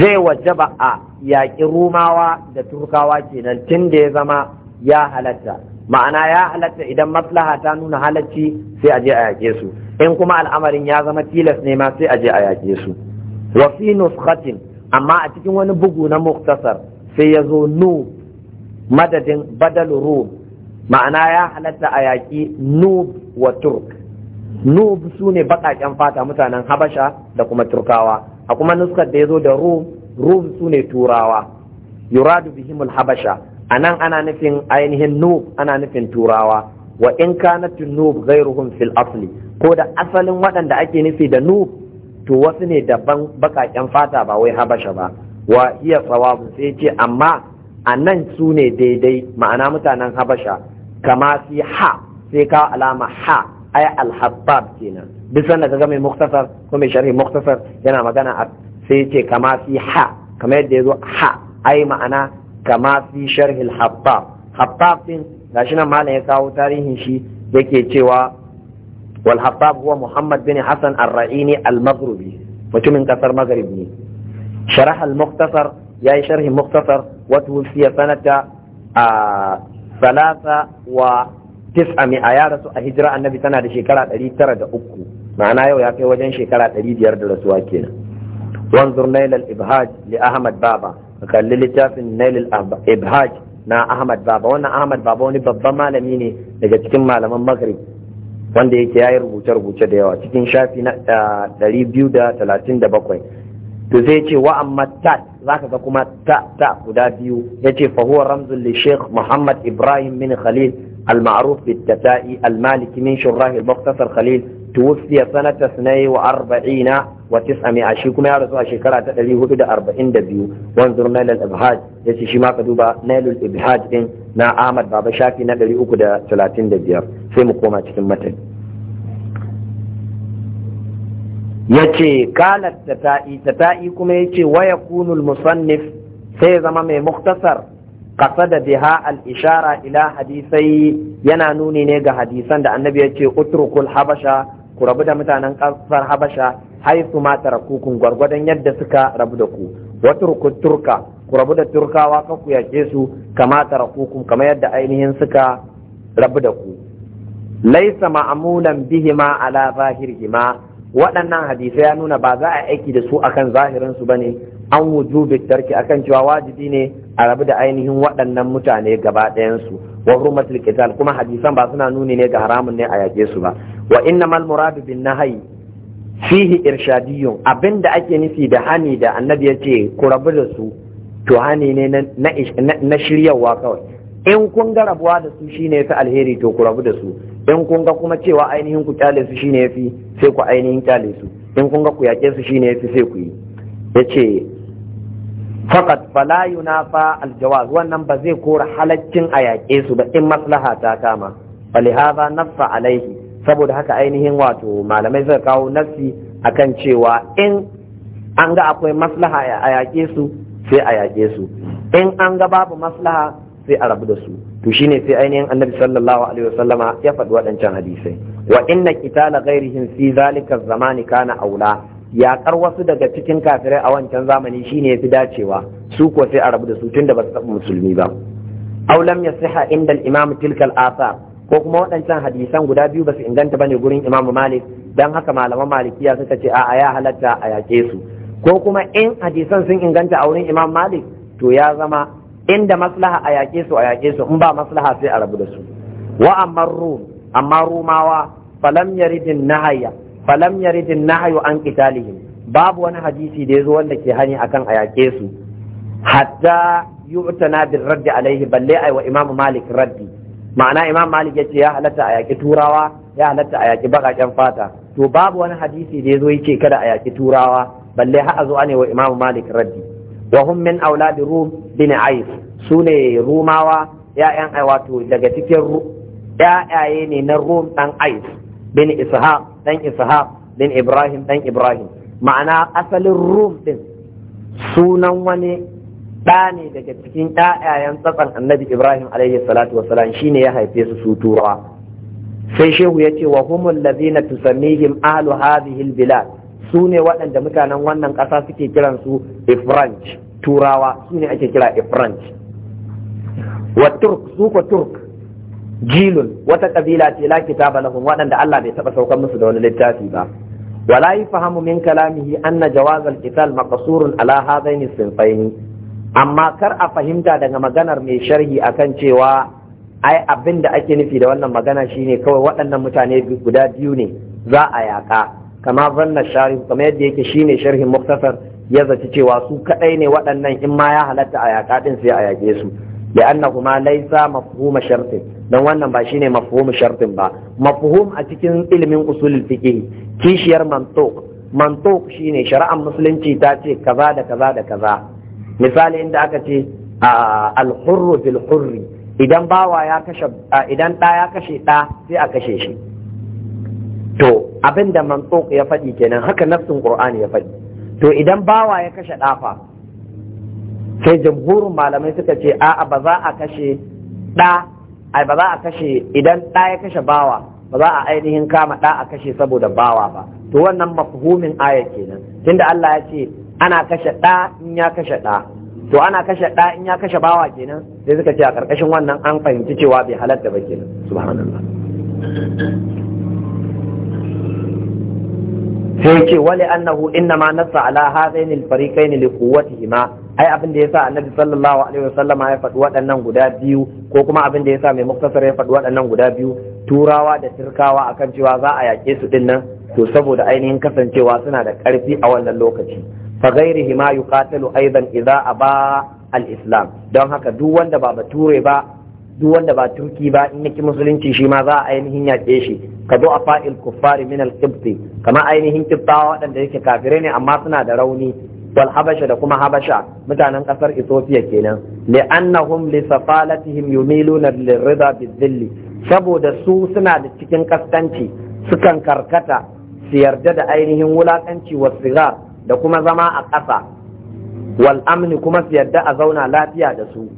zai wajaba a yaƙi rumawa da turkawa kenan tun da ya zama ya halatta ma'ana ya halatta idan maslaha ta nuna halacci sai a je a yaƙe su in kuma al'amarin ya zama tilas ne ma sai a je a yaƙe su wa fi nuskhatin amma a cikin wani bugu na muktasar sai ya zo nu madadin badal rum ma'ana ya halatta a yaƙi nub wa turk nub su ne baƙaƙen fata mutanen habasha da kuma turkawa a kuma nuskar da ya zo da rum rum su ne turawa yuradu bihimul habasha anan ana nufin ainihin nub ana nufin turawa wa in kanat nub ghairuhum fil asli ko da asalin waɗanda ake nufi da nub to wasu ne daban bakaken fata ba wai habasha ba wa iya sawabu sai ce amma anan su ne daidai ma'ana mutanen habasha kama si ha sai ka alama ha ay al-habbab kenan duk sanda kaga mai muktasar ko mai sharhi muktasar yana magana sai ce kama si ha kamar yadda yazo ha ai ma'ana kama fi sharhil habba habab din gashi nan malam ya kawo tarihin shi yake cewa wal habab huwa muhammad bin hasan ar-ra'ini al-maghribi mutumin kasar maghrib ne sharh al-mukhtasar yayi sharhi mukhtasar wa tuwfiya sanata a salasa wa tisami mi a rasu a hijira annabi tana da shekara 903 ma'ana yau ya kai wajen shekara 500 da rasuwa kenan wanzur nailal ibhaj li ahmad baba kalli littafin nailul ibhaj na ahmad baba wannan ahmad baba wani babban malami ne daga cikin malaman maghrib wanda yake yayi rubuce-rubuce da yawa cikin shafi na ah, ɗari biyu da talatin da bakwai to zai ce wa amma ta ga kuma ta ta guda biyu ya ce fahuwa ramzun li sheikh muhammad ibrahim min khalil al-ma'ruf bit tata'i al-maliki min shurrahi al khalil tuwfiya sanata sunai kuma ya rasu a shekara ta ɗari hudu da arba'in da biyu wanzur nailul ibhaj ya ce shi ma ka duba nailul ibhaj din na ahmad baba shafi na ɗari uku da talatin da biyar sai mu koma cikin matan tata'i tata'i kuma yace waya kunul musannif sai zama mai muktasar قصد بها الإشارة إلى حديثي ينانوني نيغا حديثا دا النبي يتي اتركوا الحبشة ku rabu da mutanen kasar habasha su ma tarakukun gwargwadon yadda suka rabu da ku waturku turka ku rabu da turkawa kan ku yake su kama tarakukun kama yadda ainihin suka rabu da ku laisa ma'amulan bihima ala zahirihima waɗannan hadisai ya nuna ba za a aiki da su akan zahirin su bane an wujubi tarki akan cewa wajibi ne a rabu da ainihin waɗannan mutane gaba ɗayan su wa hurmatul qital kuma hadisan ba suna nuni ne ga haramun ne a yake su ba wa innamal muradu bin nahyi fihi irshadiyun abinda ake nufi da hani da annabi yace ku rabu da su to hani ne na shiryawa kawai in kun ga rabuwa da su shine yafi alheri to ku rabu da su in kun ga kuma cewa ainihin ku kyale su shine yafi sai ku ainihin kyale su in kun ga ku yake su shine yafi sai ku yi yace faqat fala yunafa aljawaz wannan ba zai kora halaccin a yaƙe su ba in maslaha ta kama falihaza nafa alaihi saboda haka ainihin wato malamai zai kawo nafsi akan cewa in an ga akwai maslaha a yaƙe su sai a yaƙe su in an ga babu maslaha sai a rabu da su to shine sai ainihin annabi sallallahu alaihi wasallama ya faɗi waɗancan hadisai wa inna qitala ghairihim fi zalika zamani kana aula yaƙar wasu daga cikin kafirai a wancan zamani shine fi dacewa su ko sai a rabu da su tun da ba su taɓa musulmi ba aw lam yasiha inda al-imam tilkal asa, ko kuma waɗancan hadisan guda biyu ba su inganta bane gurin imam malik dan haka malaman malikiya suka ce a ya halatta a yaƙe su ko kuma in hadisan sun inganta a wurin imam malik to ya zama inda maslaha a yaƙe su a yaƙe su in ba maslaha sai a rabu da su wa amma rum amma rumawa falam yaridin nahaya falam yaridin nahyu an qitalihim babu wani hadisi da yazo wanda ke hani akan a yake su hatta yu'tana bil raddi alaihi balle ai wa imam malik raddi ma'ana imam malik yace ya halatta a yaki turawa ya halatta a yaki bakaken fata to babu wani hadisi da yazo yake kada a turawa balle ha azu zo ane wa imam malik raddi wa hum min auladi rum bin ais sune rumawa ya'yan ai wato daga cikin ya'yaye ne na rum dan ais bin ishaq Ɗan ishaq bin ibrahim ɗan ibrahim ma'ana asalin rum ɗin sunan wani ɗa ne daga cikin ɗayayen tsatsan annabi ibrahim alaihi salatu wasalam shine ya haife su su tura sai shehu ya ce wa humul ladina tusammihim ahlu hadhihi albilad su ne waɗanda mutanen wannan ƙasa suke kiran su ifranch turawa su ne ake kira ifranch wa turk su ko turk jilun wata kabila ce la kitaba lahum wadanda Allah bai taba saukar musu da wani littafi ba wala yafhamu min kalamihi anna jawaz al-qital maqsurun ala hadaini sinfaini amma kar a fahimta daga maganar mai sharhi akan cewa ai abin ake nufi da wannan magana shine kawai waɗannan mutane guda biyu ne za a yaka. kama zanna sharhi kamar yadda yake shine sharhin muktasar ya zaci cewa su kadai ne waɗannan in ma ya halatta a yaka din sai a yake su لأنهما ليس مفهوم shartin, dan wannan ba shine mafhum shartin ba mafhum a cikin ilimin usulul fiqh kishiyar mantuq mantuq shine shari'ar musulunci ta ce kaza da kaza da kaza misali inda aka ce al bilhurri, bil hurri idan bawa ya kashe idan ɗa ya kashe ɗa sai a kashe shi to abinda da ya faɗi kenan haka nafsin qur'ani ya faɗi to idan bawa ya kashe ɗa fa sai jamhurin malamai suka ce a'a ba za a kashe ɗa ai ba za a kashe idan ɗa ya kashe bawa ba za a ainihin kama ɗa a kashe saboda bawa ba to wannan mafhumin aya kenan tunda Allah ya ce ana kashe ɗa in ya kashe ɗa to ana kashe ɗa in ya kashe bawa kenan sai suka ce a karkashin wannan an fahimci cewa bai halatta ba kenan subhanallah sai ce wale annahu inna ma nassa ala hadaini alfariqaini liquwwatihima ai abin da yasa annabi sallallahu alaihi wasallam ya faɗi waɗannan guda biyu ko kuma abin da yasa mai muktasar ya faɗi waɗannan guda biyu turawa da turkawa akan cewa za a yaƙe su din nan to saboda ainihin kasancewa suna da ƙarfi a wannan lokaci fa ghairihi ma yuqatalu aidan idza aba al-islam don haka duk wanda ba bature ba duk wanda ba turki ba in yake musulunci shi ma za a ainihin yaƙe shi ka zo a fa'il kuffari min al-qibti kamar ainihin kibtawa waɗanda yake kafirai ne amma suna da rauni wal habasha da kuma habasha mutanen kasar ethiopia kenan li'annahum li safalatihim yumiluna lirida bizilli saboda su suna da cikin kaskanci sukan karkata su yarda da ainihin wulakanci wa sigar da kuma zama a ƙasa wal amni kuma su yarda a zauna lafiya da su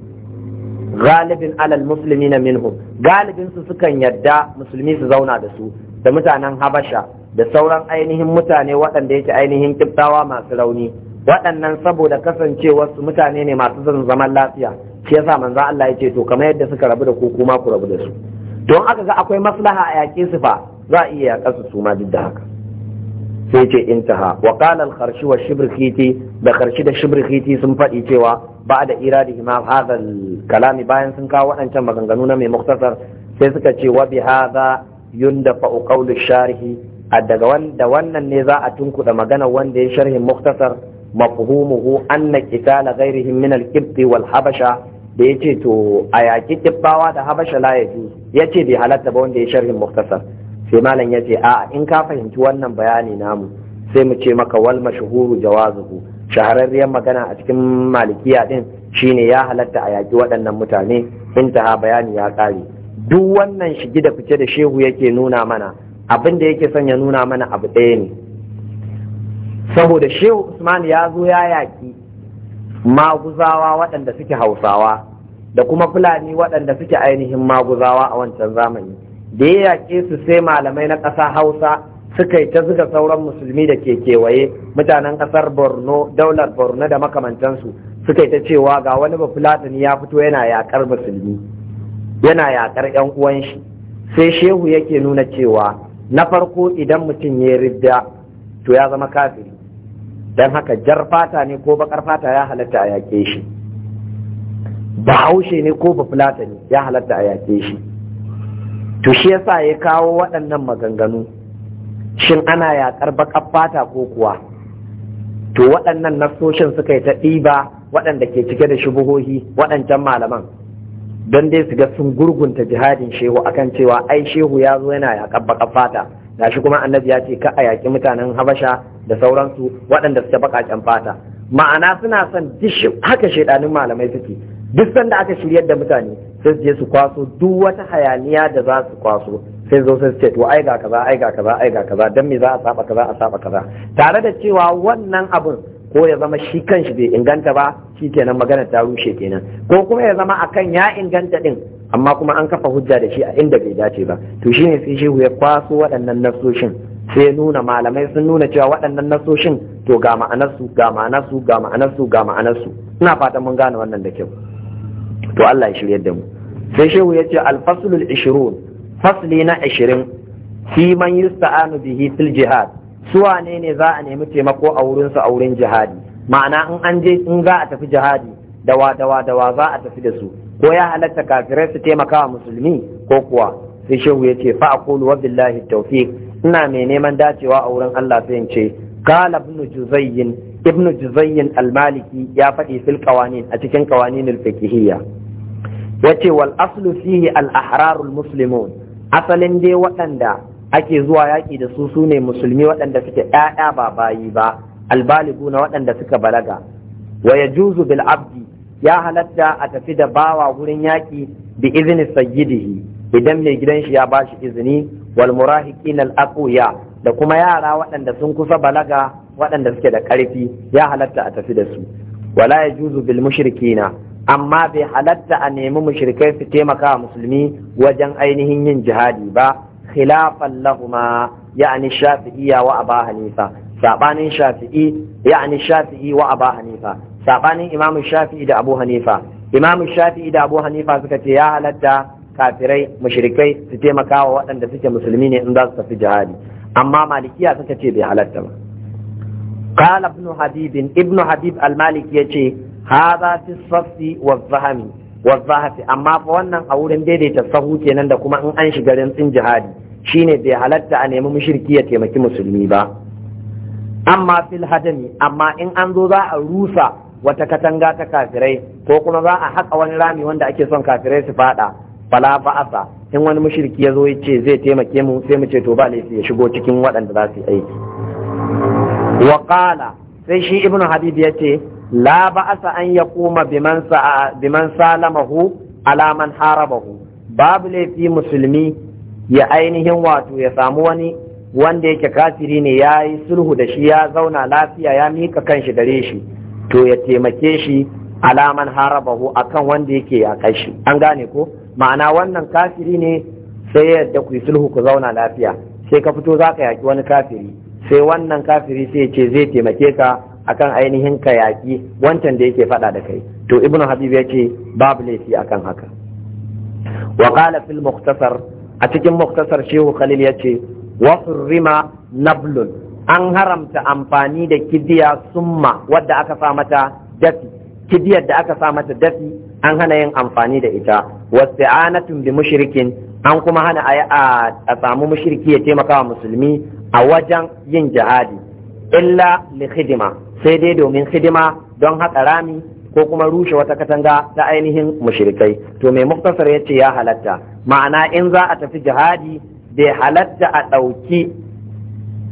galibin alal musulmi na minhum galibin su sukan yarda musulmi su zauna da su da mutanen habasha da sauran ainihin mutane waɗanda yake ainihin kiftawa masu rauni waɗannan saboda kasancewar su mutane ne masu son zaman lafiya shi yasa manzo Allah yake to kamar yadda suka rabu da ku kuma ku rabu da su don aka ga akwai maslaha a yaƙe su fa za a iya yaƙa su su ma duk da haka sai ce intaha wa qala al kharshi wa shibrkiti da kharshi da shibrkiti sun faɗi cewa ba da iradihi ma hadha al kalami bayan sun kawo waɗancan maganganu na mai muktasar sai suka ce wa bi hadha yundafa qawlu sharhi a daga wanda wannan ne za a tunkuɗa magana wanda ya sharhin muktasar mafhumuhu anna qitala ghairihim min al habasha da yace to a yaki kibbawa da habasha la yaji yace bai halatta ba wanda ya sharhin muktasar sai malam ya ce a'a in ka fahimci wannan bayani mu? sai mu ce maka wal mashhuru jawazuhu shahararriyar magana a cikin malikiya din shine ya halarta a yaki waɗannan mutane intaha bayani ya ƙare duk wannan shigi da fice da shehu yake nuna mana abin da yake son ya nuna mana abu ɗaya ne saboda shehu usman ya zo ya yaƙi maguzawa waɗanda suke hausawa da kuma fulani waɗanda suke ainihin maguzawa a wancan zamani da ya yaƙe su sai malamai na ƙasa hausa suka yi ta zuga sauran musulmi da ke kewaye mutanen ƙasar borno daular borno da makamantansu suka yi ta cewa ga wani mafulatani ya fito yana yaƙar musulmi yana yaƙar 'yan uwan shi sai shehu yake nuna cewa na farko idan mutum ya ridda to ya zama kafiri don haka jar fata ne ko bakar fata ya halatta a yaƙe shi bahaushe ne ko bafulata ne ya halatta a yaƙe shi to shi yasa ya kawo waɗannan maganganu shin ana yaƙar bakar fata ko kuwa to waɗannan nasoshin suka yi ta ɗiba waɗanda ke cike da shubuhohi waɗancan malaman don dai su ga sun gurgunta jihadin shehu akan cewa ai shehu ya zo yana yaƙar bakar fata gashi kuma annabi ya ce ka a yaƙi mutanen habasha da sauransu waɗanda suke baƙaƙen fata ma'ana suna son dishin haka shaidanin malamai suke duk sanda aka shiryar da mutane sai su je su kwaso duk wata hayaniya da za su kwaso sai zo sai su ce to ai ga kaza ai ga kaza ai ga kaza dan me za a saba kaza a saba kaza tare da cewa wannan abun ko ya zama shi kan shi bai inganta ba shi kenan magana ta rushe kenan ko kuma ya zama akan ya inganta din amma kuma an kafa hujja da shi a inda bai dace ba to ne sai shehu ya kwaso waɗannan nasoshin sai nuna malamai sun nuna cewa waɗannan nasoshin to ga ma'anarsu ga ma'anarsu ga ma'anarsu ga ma'anarsu ina fatan mun gane wannan da kyau to Allah ya shirye da mu sai shehu ya ce al 20 fasli na 20 fi man yusta'anu bihi fil jihad su wane ne za a nemi taimako a wurinsu a wurin jihadi ma'ana in an je in za a tafi jihadi dawa dawa dawa za a tafi da su ko ya halatta kafirai su taimaka wa musulmi ko kuwa sai shehu ya ce fa aqulu wabillahi tawfiq ina mai neman dacewa a wurin Allah sai in ce qala ibn juzayyin ibn juzayyin al-maliki ya faɗi fil qawanin a cikin qawanin al-fiqhiyya yace wal aslu fihi al ahrarul al-muslimun asalin dai waɗanda ake zuwa yaƙi da su su ne musulmi waɗanda suke ɗaya ba bayi ba albaligu na waɗanda suka balaga wa ya juzu bil abdi ya halatta a tafi da bawa wurin yaƙi bi izini sayyidihi idan mai gidan shi ya ba shi izini wal murahiqin al aqwiya da kuma yara waɗanda sun kusa balaga waɗanda suke da ƙarfi ya halatta a tafi da su wala ya juzu bil mushrikina amma bai halatta a nemi mushrikai su taimaka musulmi wajen ainihin yin jihadi ba khilafan lahuma ya'ani shafi'iyya sabanin shafi'i ya'ani shafi'i hanifa sabanin imamu shafi'i da abu hanifa imamu shafi'i da abu hanifa suka ce ya halatta kafirai mushirikai su taimaka wa waɗanda suke musulmi ne in za su tafi jihadi amma malikiya suka ce bai halatta ba قال ابن حبيب ابن حبيب ya ce, هذا في الصف والظهم والظهف amma fa wannan a wurin daidaita sahu kenan da kuma in an shiga rantsin jihadi shine bai halatta a nemi mushirki ya taimaki musulmi ba amma fil hadami amma in an zo za a rusa wata katanga ta kafirai ko kuma za a haƙa wani rami wanda ake son kafirai su fada fala ba'asa in wani mushriki ya zo ya ce zai taimake mu sai mu ce to ba laifi ya shigo cikin waɗanda za su aiki wa sai shi ibnu habib ya ce la ba'asa an yaquma biman sa'a biman salamahu ala man harabahu babu laifi musulmi ya ainihin wato ya samu wani wanda yake kafiri ne ya yi sulhu da shi ya zauna lafiya ya mika kanshi gare shi to ya taimake shi alaman harabahu akan wanda yake ya shi an gane ko ma'ana wannan kafiri ne sai yadda ku yi sulhu ku zauna lafiya sai ka fito za ka yaƙi wani kafiri sai wannan kafiri sai ce zai taimake ka akan ainihin ka yaƙi wancan da yake faɗa da kai to ibnu habib ya babu laifi akan haka wa qala fil mukhtasar a cikin muktasar shehu khalil ya ce wa rima nablun an haramta amfani da kidiya summa wadda aka sa mata dafi kidiyar da aka sa mata dafi an hana yin amfani da ita wasti'anatun bi mushirikin an kuma hana a samu mushriki ya taimaka wa musulmi a wajen yin jihadi illa li khidima sai dai domin khidima don haka rami ko kuma rushe wata katanga ta ainihin mushirikai to mai muktasar ya ce ya halatta ma'ana in za a tafi jihadi bai halatta a ɗauki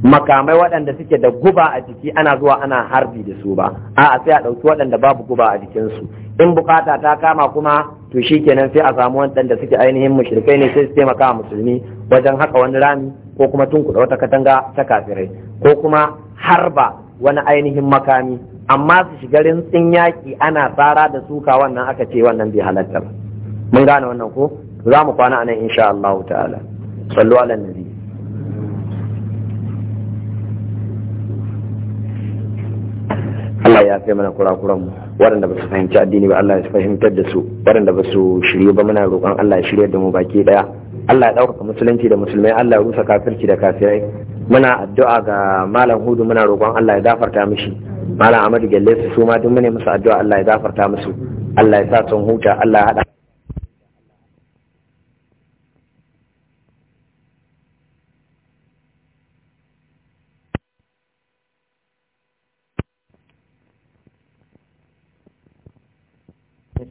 makamai waɗanda suke da guba a jiki ana zuwa ana harbi da su ba a sai a ɗauki waɗanda babu guba a jikinsu in bukata ta kama kuma to shi kenan sai a samu waɗanda suke ainihin mushrikai ne sai su taimaka musulmi wajen haka wani rami ko kuma tunkuɗa wata katanga ta kafirai ko kuma harba wani ainihin makami amma su shiga rintsin yaƙi ana tsara da suka wannan aka ce wannan bai halatta mun gane wannan ko za mu kwana anan insha Allah ta'ala sallu ala nabi Allah ya fi mana kurakuran mu waɗanda ba su fahimci addini ba Allah ya fahimtar da su waɗanda ba su shirye ba muna roƙon Allah ya shirye da mu baki ɗaya Allah ya ɗaukaka musulunci da musulmai Allah ya rusa kafirci da kafirai muna addu'a ga malam hudu muna roƙon Allah ya gafarta mishi malam Amadu Gelle su ma duk mune musu addu'a Allah ya gafarta musu Allah ya sa sun huta Allah ya haɗa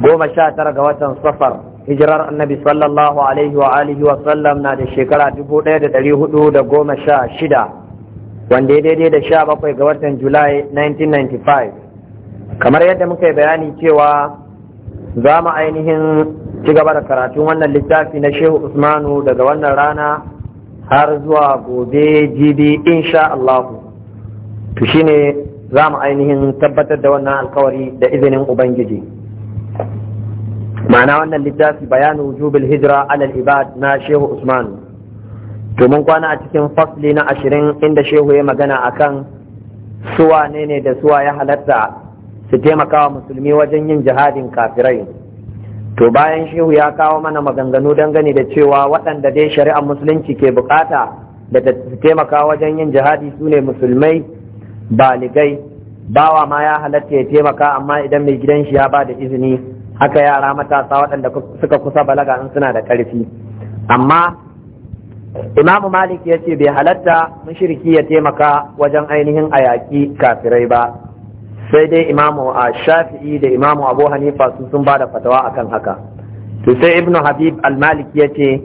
goma sha tara ga watan safar hijirar annabi sallallahu alaihi wa alihi wa sallam na da shekara dubu ɗaya da ɗari hudu da goma sha shida wanda ya daidai da sha bakwai ga watan julai 1995 kamar yadda muka yi bayani cewa za mu ainihin ci gaba da karatun wannan littafi na shehu usmanu daga wannan rana har zuwa gobe jibi insha allahu to shine za mu ainihin tabbatar da wannan alkawari da izinin ubangiji ma'ana wannan littafi bayanu wujubil hijra alal ibad na shehu usman to mun kwana a cikin fasli na ashirin inda shehu ya magana akan suwa ne ne da suwa ya halatta su taimaka wa musulmi wajen yin jihadin kafirai to bayan shehu ya kawo mana maganganu dangane da cewa waɗanda dai shari'ar musulunci ke bukata da su taimaka wajen yin jihadi su ne musulmai baligai bawa ma ya halatta ya taimaka amma idan mai gidan shi ya ba da izini haka yara matasa waɗanda suka kusa balaga in suna da ƙarfi amma imamu malik ya ce bai halatta mushriki ya taimaka wajen ainihin ayaki kafirai ba sai dai imamu a shafi'i da imamu abu hanifa su sun ba da fatawa akan haka to sai ibnu habib al-malik ya ce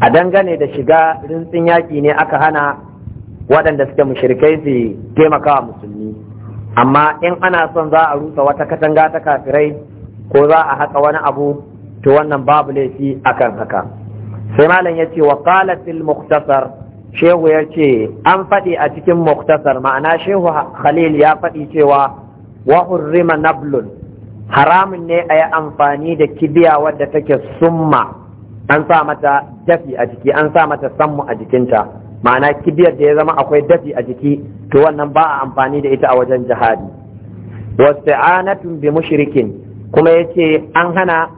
a dangane da shiga rintsin yaƙi ne aka hana waɗanda suke mushrikai su taimaka wa musulmi amma in ana son za a rusa wata katanga ta kafirai ko za a haka wani abu to wannan babu laifi akan haka sai malam ya ce wa qala fil muktasar shehu ya ce an faɗi a cikin muktasar ma'ana shehu khalil ya faɗi cewa wa hurrima nablun haramun ne a yi amfani da kibiya wadda take summa an sa mata dafi a jiki an sa mata sammu a jikinta ma'ana kibiyar da ya zama akwai dafi a jiki to wannan ba a amfani da ita a wajen jihadi wasta'anatun bi mushrikin kuma ya ce an hana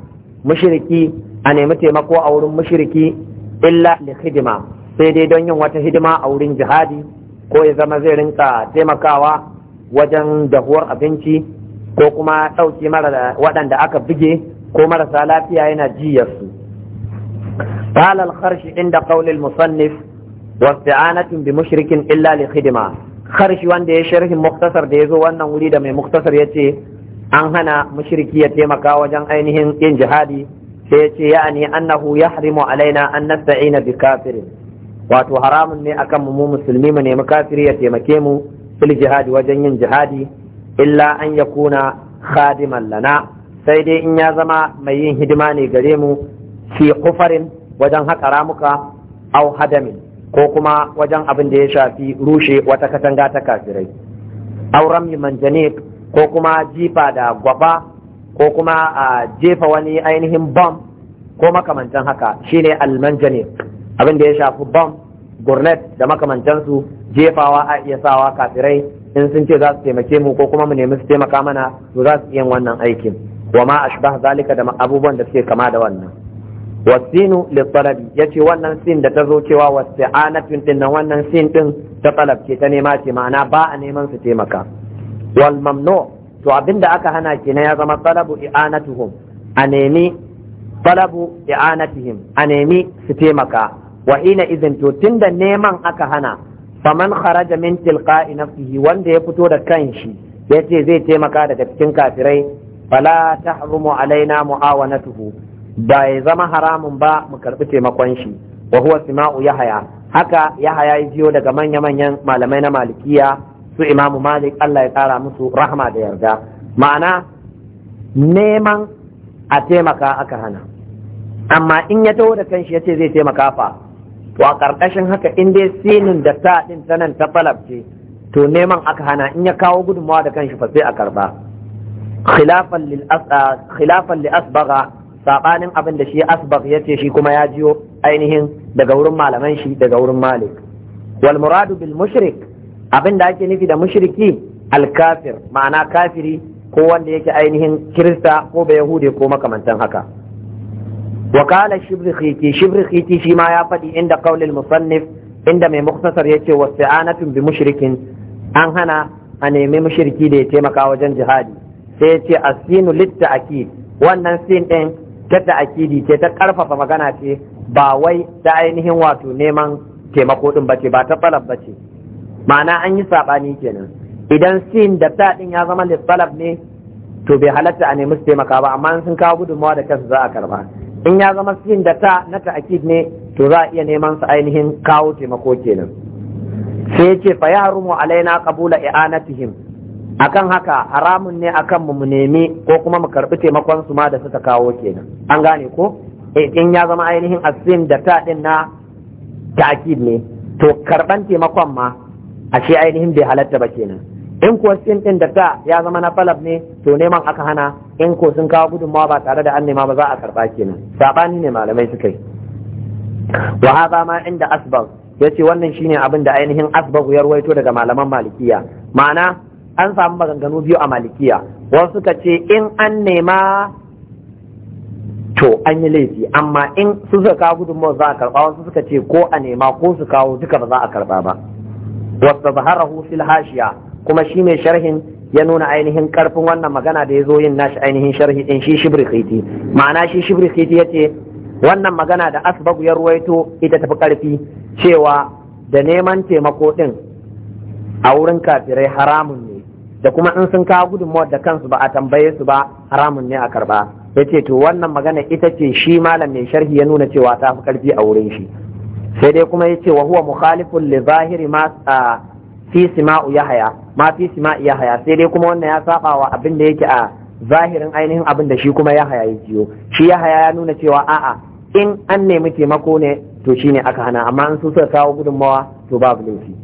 mushiriki a nemi taimako a wurin mushiriki illa da hidima sai dai don yin wata hidima a wurin jihadi ko ya zama zai rinka taimakawa wajen dahuwar abinci ko kuma ɗauki mara waɗanda aka buge ko marasa lafiya yana jiyarsu قال الخرش عند قول المصنف hidima. بمشرك wanda ya خرش وان da ya zo wannan wuri da mai muktasar ya ce. an hana mushriki ya taimaka wajen ainihin yin jihadi sai ya ce ya'ani annahu harimu alaina an nasta'ina bi kafirin wato haramun ne akan mu musulmi mu nemi kafiri ya taimake mu fil jihadi wajen yin jihadi illa an ya kuna khadiman lana sai dai in ya zama mai yin hidima ne gare mu fi kufarin wajen haƙa ramuka au hadamin ko kuma wajen abin da ya shafi rushe wata katanga ta kafirai auren manjanik ko kuma jifa da gwaba ko kuma a jefa wani ainihin bom ko makamantan haka shine almanjani abin da ya shafi bom gurnet da makamantansu jefawa a iya sawa kafirai in sun ce za su taimake mu ko kuma mu nemi su taimaka mana su za su iya wannan aikin wa ma ashbah zalika da abubuwan da suke kama da wannan wasinu li ya ce wannan sin da ta zo cewa wasu anatun nan wannan sin din ta talab ta nema ce ma'ana ba a neman su taimaka wal mamnu to abinda aka hana kenan ya zama talabu i'anatuhum a nemi talabu i'anatihim a nemi su taimaka wa hina izin to tunda neman aka hana faman kharaja min tilqa'i nafsihi wanda ya fito da kanshi yace zai taimaka daga cikin kafirai fala tahrumu alaina muawanatuhu ba ya zama haramun ba mu karbi taimakon shi wa huwa sima'u yahaya haka yahaya ya jiyo daga manya-manyan malamai na malikiya su imamu malik Allah ya kara musu rahma da yarda ma'ana neman a taimaka aka hana amma in ya taho da kanshi ya ce zai taimaka fa to a ƙarƙashin haka in dai sinin da sa ɗin ta nan ta falabce to neman aka hana in ya kawo gudunmawa da kanshi fa sai a karba khilafan li asbaga sabanin abin da shi asbag ya ce shi kuma ya jiyo ainihin daga wurin malaman shi daga wurin malik wal muradu bil mushrik abin da ake nufi da mushriki alkafir ma'ana kafiri ko wanda yake ainihin kirista ko baya yahude ko makamantan haka wa kala shibrikhiti shibrikhiti shi ma ya faɗi inda qaulil musannif inda mai muktasar yace wasti'anatun bi mushrikin an hana a nemi mushriki da ya taimaka wajen jihadi sai yace asinu litta akid wannan sin din ta akidi ce ta karfafa magana ce ba wai ta ainihin wato neman taimako din bace ba ta talab bace ma'ana an yi saɓani kenan idan sin da ta ɗin ya zama lissalaf ne to bai halatta a nemi su taimaka ba amma sun kawo gudunmawa da kansu za a karba in ya zama sin da ta na ta'akid ne to za a iya neman su ainihin kawo taimako kenan sai ya ce fa ya harumu alaina kabula i'anatihim akan haka haramun ne akan mu nemi ko kuma mu karbi taimakon su ma da suka kawo kenan an gane ko eh, in ya zama ainihin asin da ta din na ta'akid ne to karban taimakon ma ashe ainihin bai halatta ba kenan in kuwa sin din da ta ya zama na falab ne to neman aka hana in ko sun kawo gudunmawa ba tare da an nema ba za a karba kenan sabani ne malamai suka yi wa hada ma inda ya yace wannan shine abin da ainihin Asbar ya ruwaito daga malaman malikiya ma'ana an samu maganganu biyu a malikiya wasu suka ce in an nema to an yi laifi amma in su suka kawo gudunmawa za a karba wasu suka ce ko a nema ko su kawo duka ba za a karba ba wadda zaharahu fil hashiya kuma shi mai sharhin ya nuna ainihin karfin wannan magana da ya zo yin nashi ainihin sharhi din shi shibrikhiti ma'ana shi ya yace wannan magana da asbagu ya ruwaito ita tafi karfi cewa da neman taimako ɗin a wurin kafirai haramun ne da kuma in sun kawo gudunmawar da kansu ba a tambaye su ba haramun ne a karba ya ce to wannan magana ita ce shi malam mai sharhi ya nuna cewa ta fi karfi a wurin shi sai dai kuma yace wa huwa mukhalifun li zahiri ma fi sima'u yahya ma fi sima'i yahya sai dai kuma wannan ya saba wa abin da yake a zahirin ainihin abin da shi kuma yahya ya jiyo shi yahya ya nuna cewa a'a in an nemi taimako ne to shine aka hana amma an su suka kawo gudunmawa to babu laifi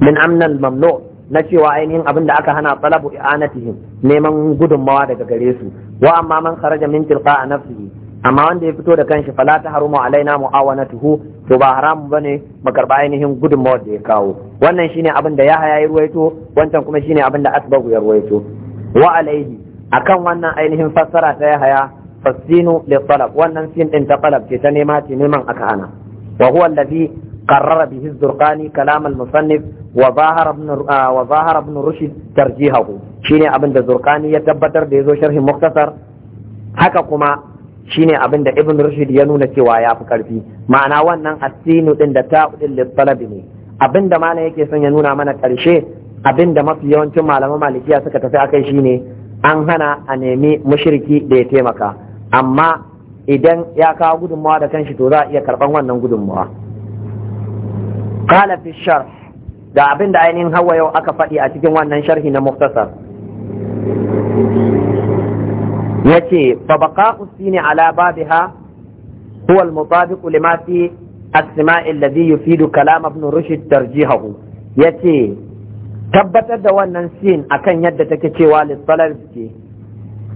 min amnal mamnu na cewa ainihin abin da aka hana talabu i'anatihim neman gudunmawa daga gare su wa amma man kharaja min tilqa nafsihi amma wanda ya fito da kanshi fala ta haruma alaina mu'awanatuhu to ba haramu bane mu karba ainihin gudunmawar da ya kawo wannan shine abin da ya haya ya ruwaito wancan kuma shine abin da Asbagu ya ruwaito wa alaihi akan wannan ainihin fassara ta Yahaya fasinu li talab wannan sin din ta talab ce ta nema ce neman aka ana. wa huwa allazi qarrara bihi zurqani kalam al-musannif wa zahara ibn ah, wa zahara ibn rushd tarjihahu shine abin da zurqani ya tabbatar da yazo sharhi muktasar haka kuma shine abin da ibn rushd ya nuna cewa ya fi karfi ma'ana wannan asinu din da ta din lisalabi ne abin da malam yake son ya nuna mana karshe abin da mafi yawancin malaman malikiya suka tafi akai ne, an hana a nemi mushriki da ya taimaka amma idan ya kawo gudunmawa da kanshi to za a iya karban wannan gudunmawa qala fi sharh da abin da ainihin hawa yau aka faɗi a cikin wannan sharhi na Muftasar. yace fa baqa'u sini ala babiha huwa al-mutabiq lima fi as alladhi yufidu kalam ibn rushd tarjihahu yace tabbatar da wannan sin akan yadda take cewa lissalar ce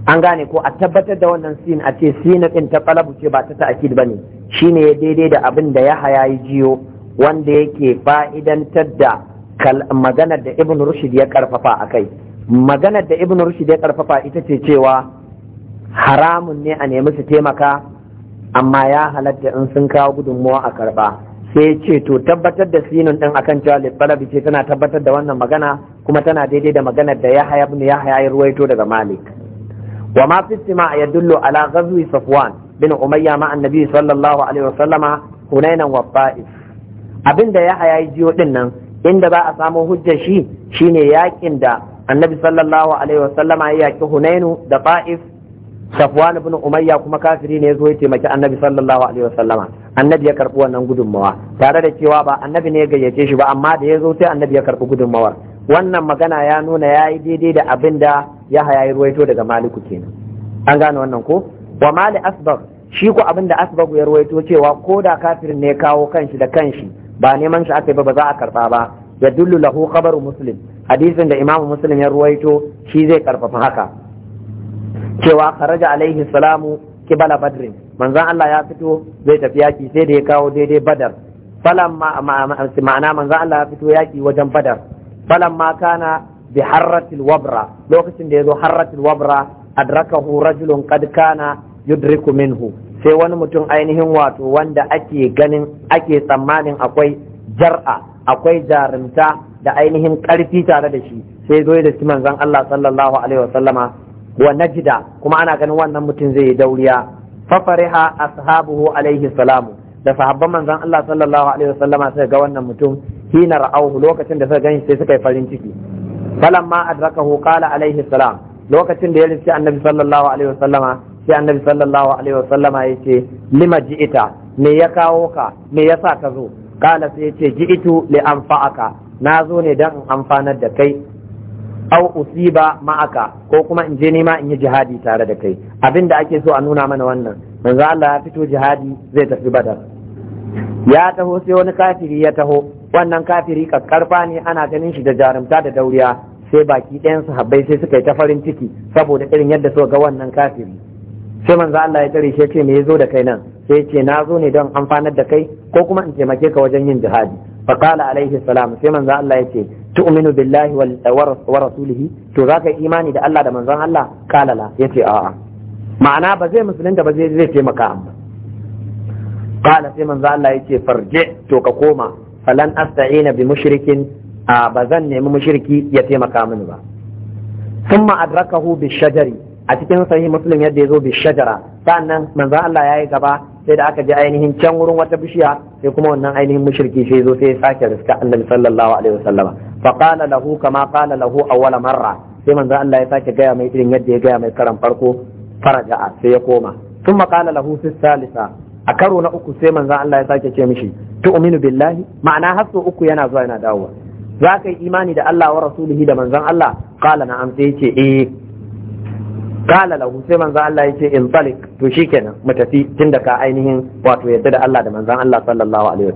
an gane ko a tabbatar da wannan sin a ce sin din ta talabu ce ba ta ta'kid bane shine ya daidai da abin da ya haya yi jiyo wanda yake fa'idantar da maganar da ibn rushd ya karfafa akai maganar da ibn rushd ya karfafa ita ce cewa haramun ne a nemi su taimaka amma ya halatta in sun kawo gudunmuwa a karba sai ce to tabbatar da sinin din akan cewa libbalabi ce tana tabbatar da wannan magana kuma tana daidai da maganar da ya haya bin ya haya ruwaito daga malik wa ma fi sima dullo ala ghazwi safwan bin umayya ma annabi sallallahu alaihi wasallama hunainan wa Fa'is? abinda ya haya jiyo din nan inda za a samu hujjar shi shine yakin da annabi sallallahu alaihi wasallama ya yaki hunainu da Fa'is. safwan ibn umayya kuma kafiri ne zo ya taimaki annabi sallallahu alaihi wasallama annabi ya karbi wannan gudunmawa tare da cewa ba annabi ne ya gayyace shi ba amma da ya zo sai annabi ya karbi gudunmawar wannan magana ya nuna yayi daidai da abin da ya hayayi ruwaito daga maliku kenan an gane wannan ko wa mali asbab shi ko abin da asbab ya ruwaito cewa ko da kafirin ne kawo kanshi da kanshi ba neman shi aka ba ba za a karba ba ya dullu lahu khabaru muslim hadisin da imamu muslim ya ruwaito shi zai karfafa haka cewa kharaja alaihi salamu kibala badrin manzon Allah ya fito zai tafi yaki sai da ya kawo daidai badar ma ma'ana manzon Allah ya fito yaki wajen badar falam ma kana bi harratil wabra lokacin da yazo harratil wabra adrakahu rajulun qad kana yudriku minhu sai wani mutum ainihin wato wanda ake ganin ake tsammanin akwai jar'a akwai jarumta da ainihin karfi tare da shi sai zo da shi manzon Allah sallallahu alaihi wasallama wa najda kuma ana ganin wannan mutum zai yi dauriya fafariha ashabuhu alaihi salamu da sahabban manzon Allah sallallahu alaihi wasallama ga wannan mutum hina ra'auhu lokacin da suka gani sai suka yi farin ciki falamma adrakahu qala alaihi salam lokacin da ya riski annabi sallallahu alaihi wasallama sai annabi sallallahu alaihi wasallama yace lima ji'ita me ya kawo ka me yasa ka zo kala sai yace ji'itu li anfa'aka na zo ne dan amfanar da kai au usiba ma'aka ko kuma in je nema in yi jihadi tare da kai abin da ake so a nuna mana wannan manzo Allah ya fito jihadi zai tafi badar ya taho sai wani kafiri ya taho wannan kafiri kakkarfa ne ana ganin shi da jarumta da dauriya sai baki ɗayan sahabbai sai suka yi ta farin ciki saboda irin yadda suka ga wannan kafiri sai manzo Allah ya tare shi ce me yazo da kai nan sai ce na zo ne don amfanar da kai ko kuma in taimake ka wajen yin jihadi faqala alaihi salam sai manzo Allah ya ce tu'minu billahi wa rasulihi to zaka yi imani da Allah da manzon Allah kala la yace a'a ma'ana ba zai musulunta ba zai taimaka kala sai manzon Allah yace farje to ka koma falan asta'ina bi mushrikin a ba zan nemi mushriki ya taimaka mini ba thumma adrakahu bi shajari a cikin sahih yadda ya zo shajara sannan manzon Allah yayi gaba sai da aka je ainihin can wurin wata bishiya sai kuma wannan ainihin mushriki sai zo sai ya sake riska annabi sallallahu alaihi wasallama fa qala kama qala lahu awwala marra sai manzo Allah ya sake gaya mai irin yadda ya gaya mai karan farko faraja'a sai ya koma thumma qala lahu salisa a karo na uku sai manzo Allah ya sake ce mishi tu'minu billahi ma'ana hasso uku yana zuwa yana dawo. za ka yi imani da Allah wa rasulihi da manzon Allah qala na'am sai ya ce eh. in talik to shikenan mu tafi tunda ka ainihin wato yadda da Allah da manzon Allah sallallahu alaihi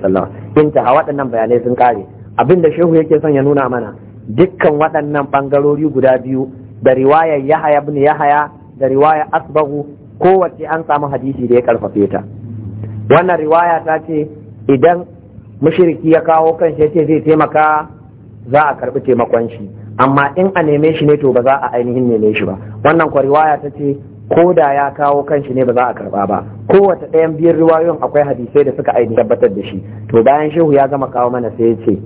waɗannan bayanai sun kare abin da shehu yake son ya nuna mana dukkan waɗannan ɓangarori guda biyu da riwayar yahaya bin yahaya da riwaya asbahu kowace an samu hadisi da ya karfafe ta wannan riwaya ta ce idan mushriki ya kawo kan shi ce zai taimaka za a karɓi taimakon shi amma in a neme shi ne to ba za a ainihin neme shi ba wannan kwa riwaya ta ce ko da ya kawo kanshi ne ba za a karba ba kowace ɗayan biyar riwayoyin akwai hadisai da suka ainihin tabbatar da shi to bayan shehu ya gama kawo mana sai ya ce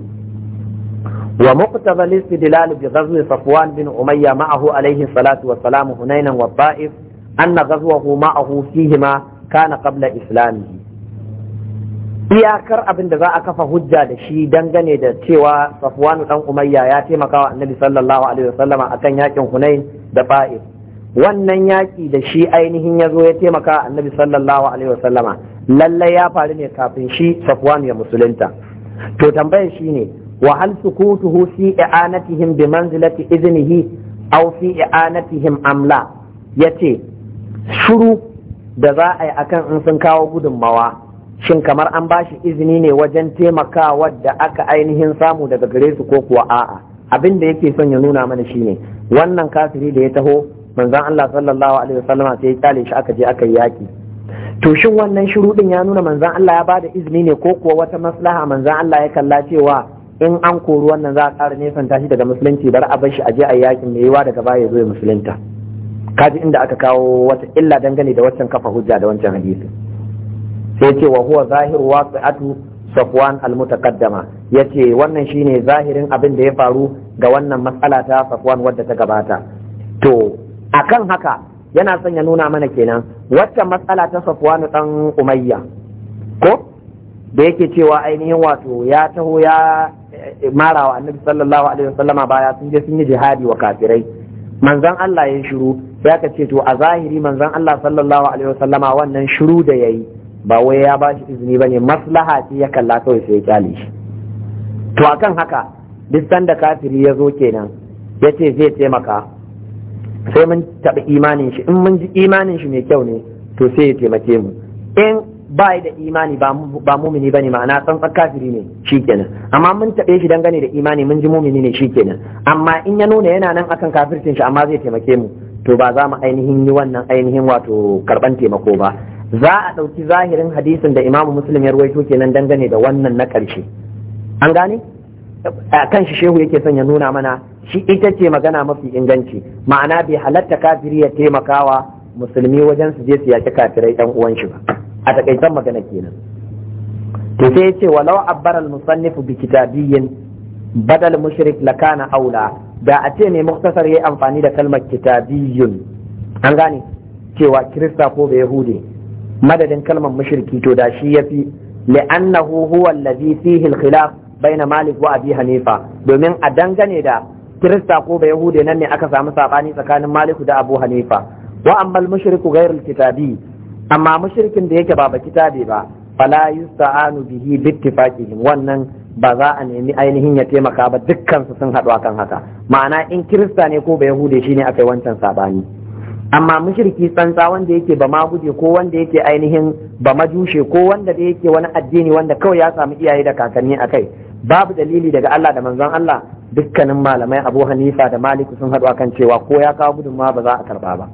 ومقتضى الاستدلال بغزو صفوان بن أمية معه عليه الصلاة والسلام هنينا والطائف أن غزوه معه فيهما كان قبل إسلامه iyakar abin da za a kafa hujja da shi dangane da cewa safwanu dan umayya ya taimaka wa annabi sallallahu alaihi akan yakin hunain da ba'ir wannan yaki da shi ainihin ya zo ya taimaka wa annabi sallallahu alaihi wasallama lalle ya faru ne kafin shi safwan ya musulunta to tambayar shi ne wa hal sukutuhu fi i'anatihim bi manzilati iznihi aw fi i'anatihim amla ce, shiru da za a yi akan in sun kawo gudunmawa shin kamar an bashi izini ne wajen taimakawa da aka ainihin samu daga gare ko kuwa a'a abin da yake son ya nuna mana shine wannan kafiri da ya taho manzon Allah sallallahu alaihi sai ya shi aka je aka yi yaki to shin wannan shiru din ya nuna manzon Allah ya bada izini ne ko kuwa wata maslaha manzon Allah ya kalla cewa in an kori wannan za a ƙara nesan tashi daga musulunci bar a bar shi a je a yakin mai yiwa daga baya zo ya musulunta kaji inda aka kawo wata illa dangane da waccan kafa hujja da wancan hadisi sai ce wa huwa zahiru waqi'atu safwan al-mutaqaddama yace wannan shine zahirin abin da ya faru ga wannan matsala ta safwan wadda ta gabata to akan haka yana sanya nuna mana kenan waccan matsala ta safwan dan umayya ko da yake cewa ainihin wato ya taho ya marawa annabi sallallahu alaihi wasallam baya sun je sun yi jihadi wa kafirai manzon Allah ya shiru ya ka ce to a zahiri manzon Allah sallallahu alaihi wasallama wannan shiru da yayi ba wai ya ba shi izini bane maslaha ce ya kalla kawai sai ya kyale shi to akan haka duk sanda kafiri ya zo kenan ya ce zai taimaka sai mun taɓa imanin shi in mun ji imanin shi mai kyau ne to sai ya taimake mu in ba da imani ba mumini bane ma'ana san kafiri ne shikenan amma mun taɓe shi dangane da imani mun ji mumini ne shikenan amma in ya nuna yana nan akan kafircin shi amma zai taimake mu to ba za mu ainihin yi wannan ainihin wato karban taimako ba za a ɗauki zahirin hadisin da imamu muslim ya ruwaito kenan dangane da wannan na ƙarshe an gane kan shi shehu yake son ya nuna mana shi ita ce magana mafi inganci ma'ana bai halatta kafiri ya taimakawa musulmi wajen su je su yaki kafirai ɗan uwan shi ba a takaitan magana kenan to sai yace walau abbara al-musannif bi kitabiyyin badal mushrik lakana aula da a ce ne muktasar yayi amfani da kalmar kitabiyyun an gane cewa kirista ko da yahudi madadin kalmar mushriki to da shi yafi li'annahu huwa alladhi fihi al-khilaf baina malik wa abi hanifa domin a dangane da kirista ko ba yahudi nan ne aka samu sabani tsakanin maliku da abu hanifa wa amma al-mushriku ghayr al-kitabi amma mushrikin da yake ba baki tabe ba fala yusta'anu bihi bittifaqihim wannan ba za a nemi ainihin ya taimaka ba dukkan su sun haɗu akan haka ma'ana in kirista ne ko ba yahude shine akai wancan sabani amma mushriki tsantsa wanda yake ba maguje ko wanda yake ainihin ba majushe ko wanda da yake wani addini wanda kawai ya samu iyaye da kakanni akai babu dalili daga Allah da manzon Allah dukkanin malamai Abu Hanifa da Malik sun haɗu akan cewa ko ya kawo gudunmawa ba za a karba ba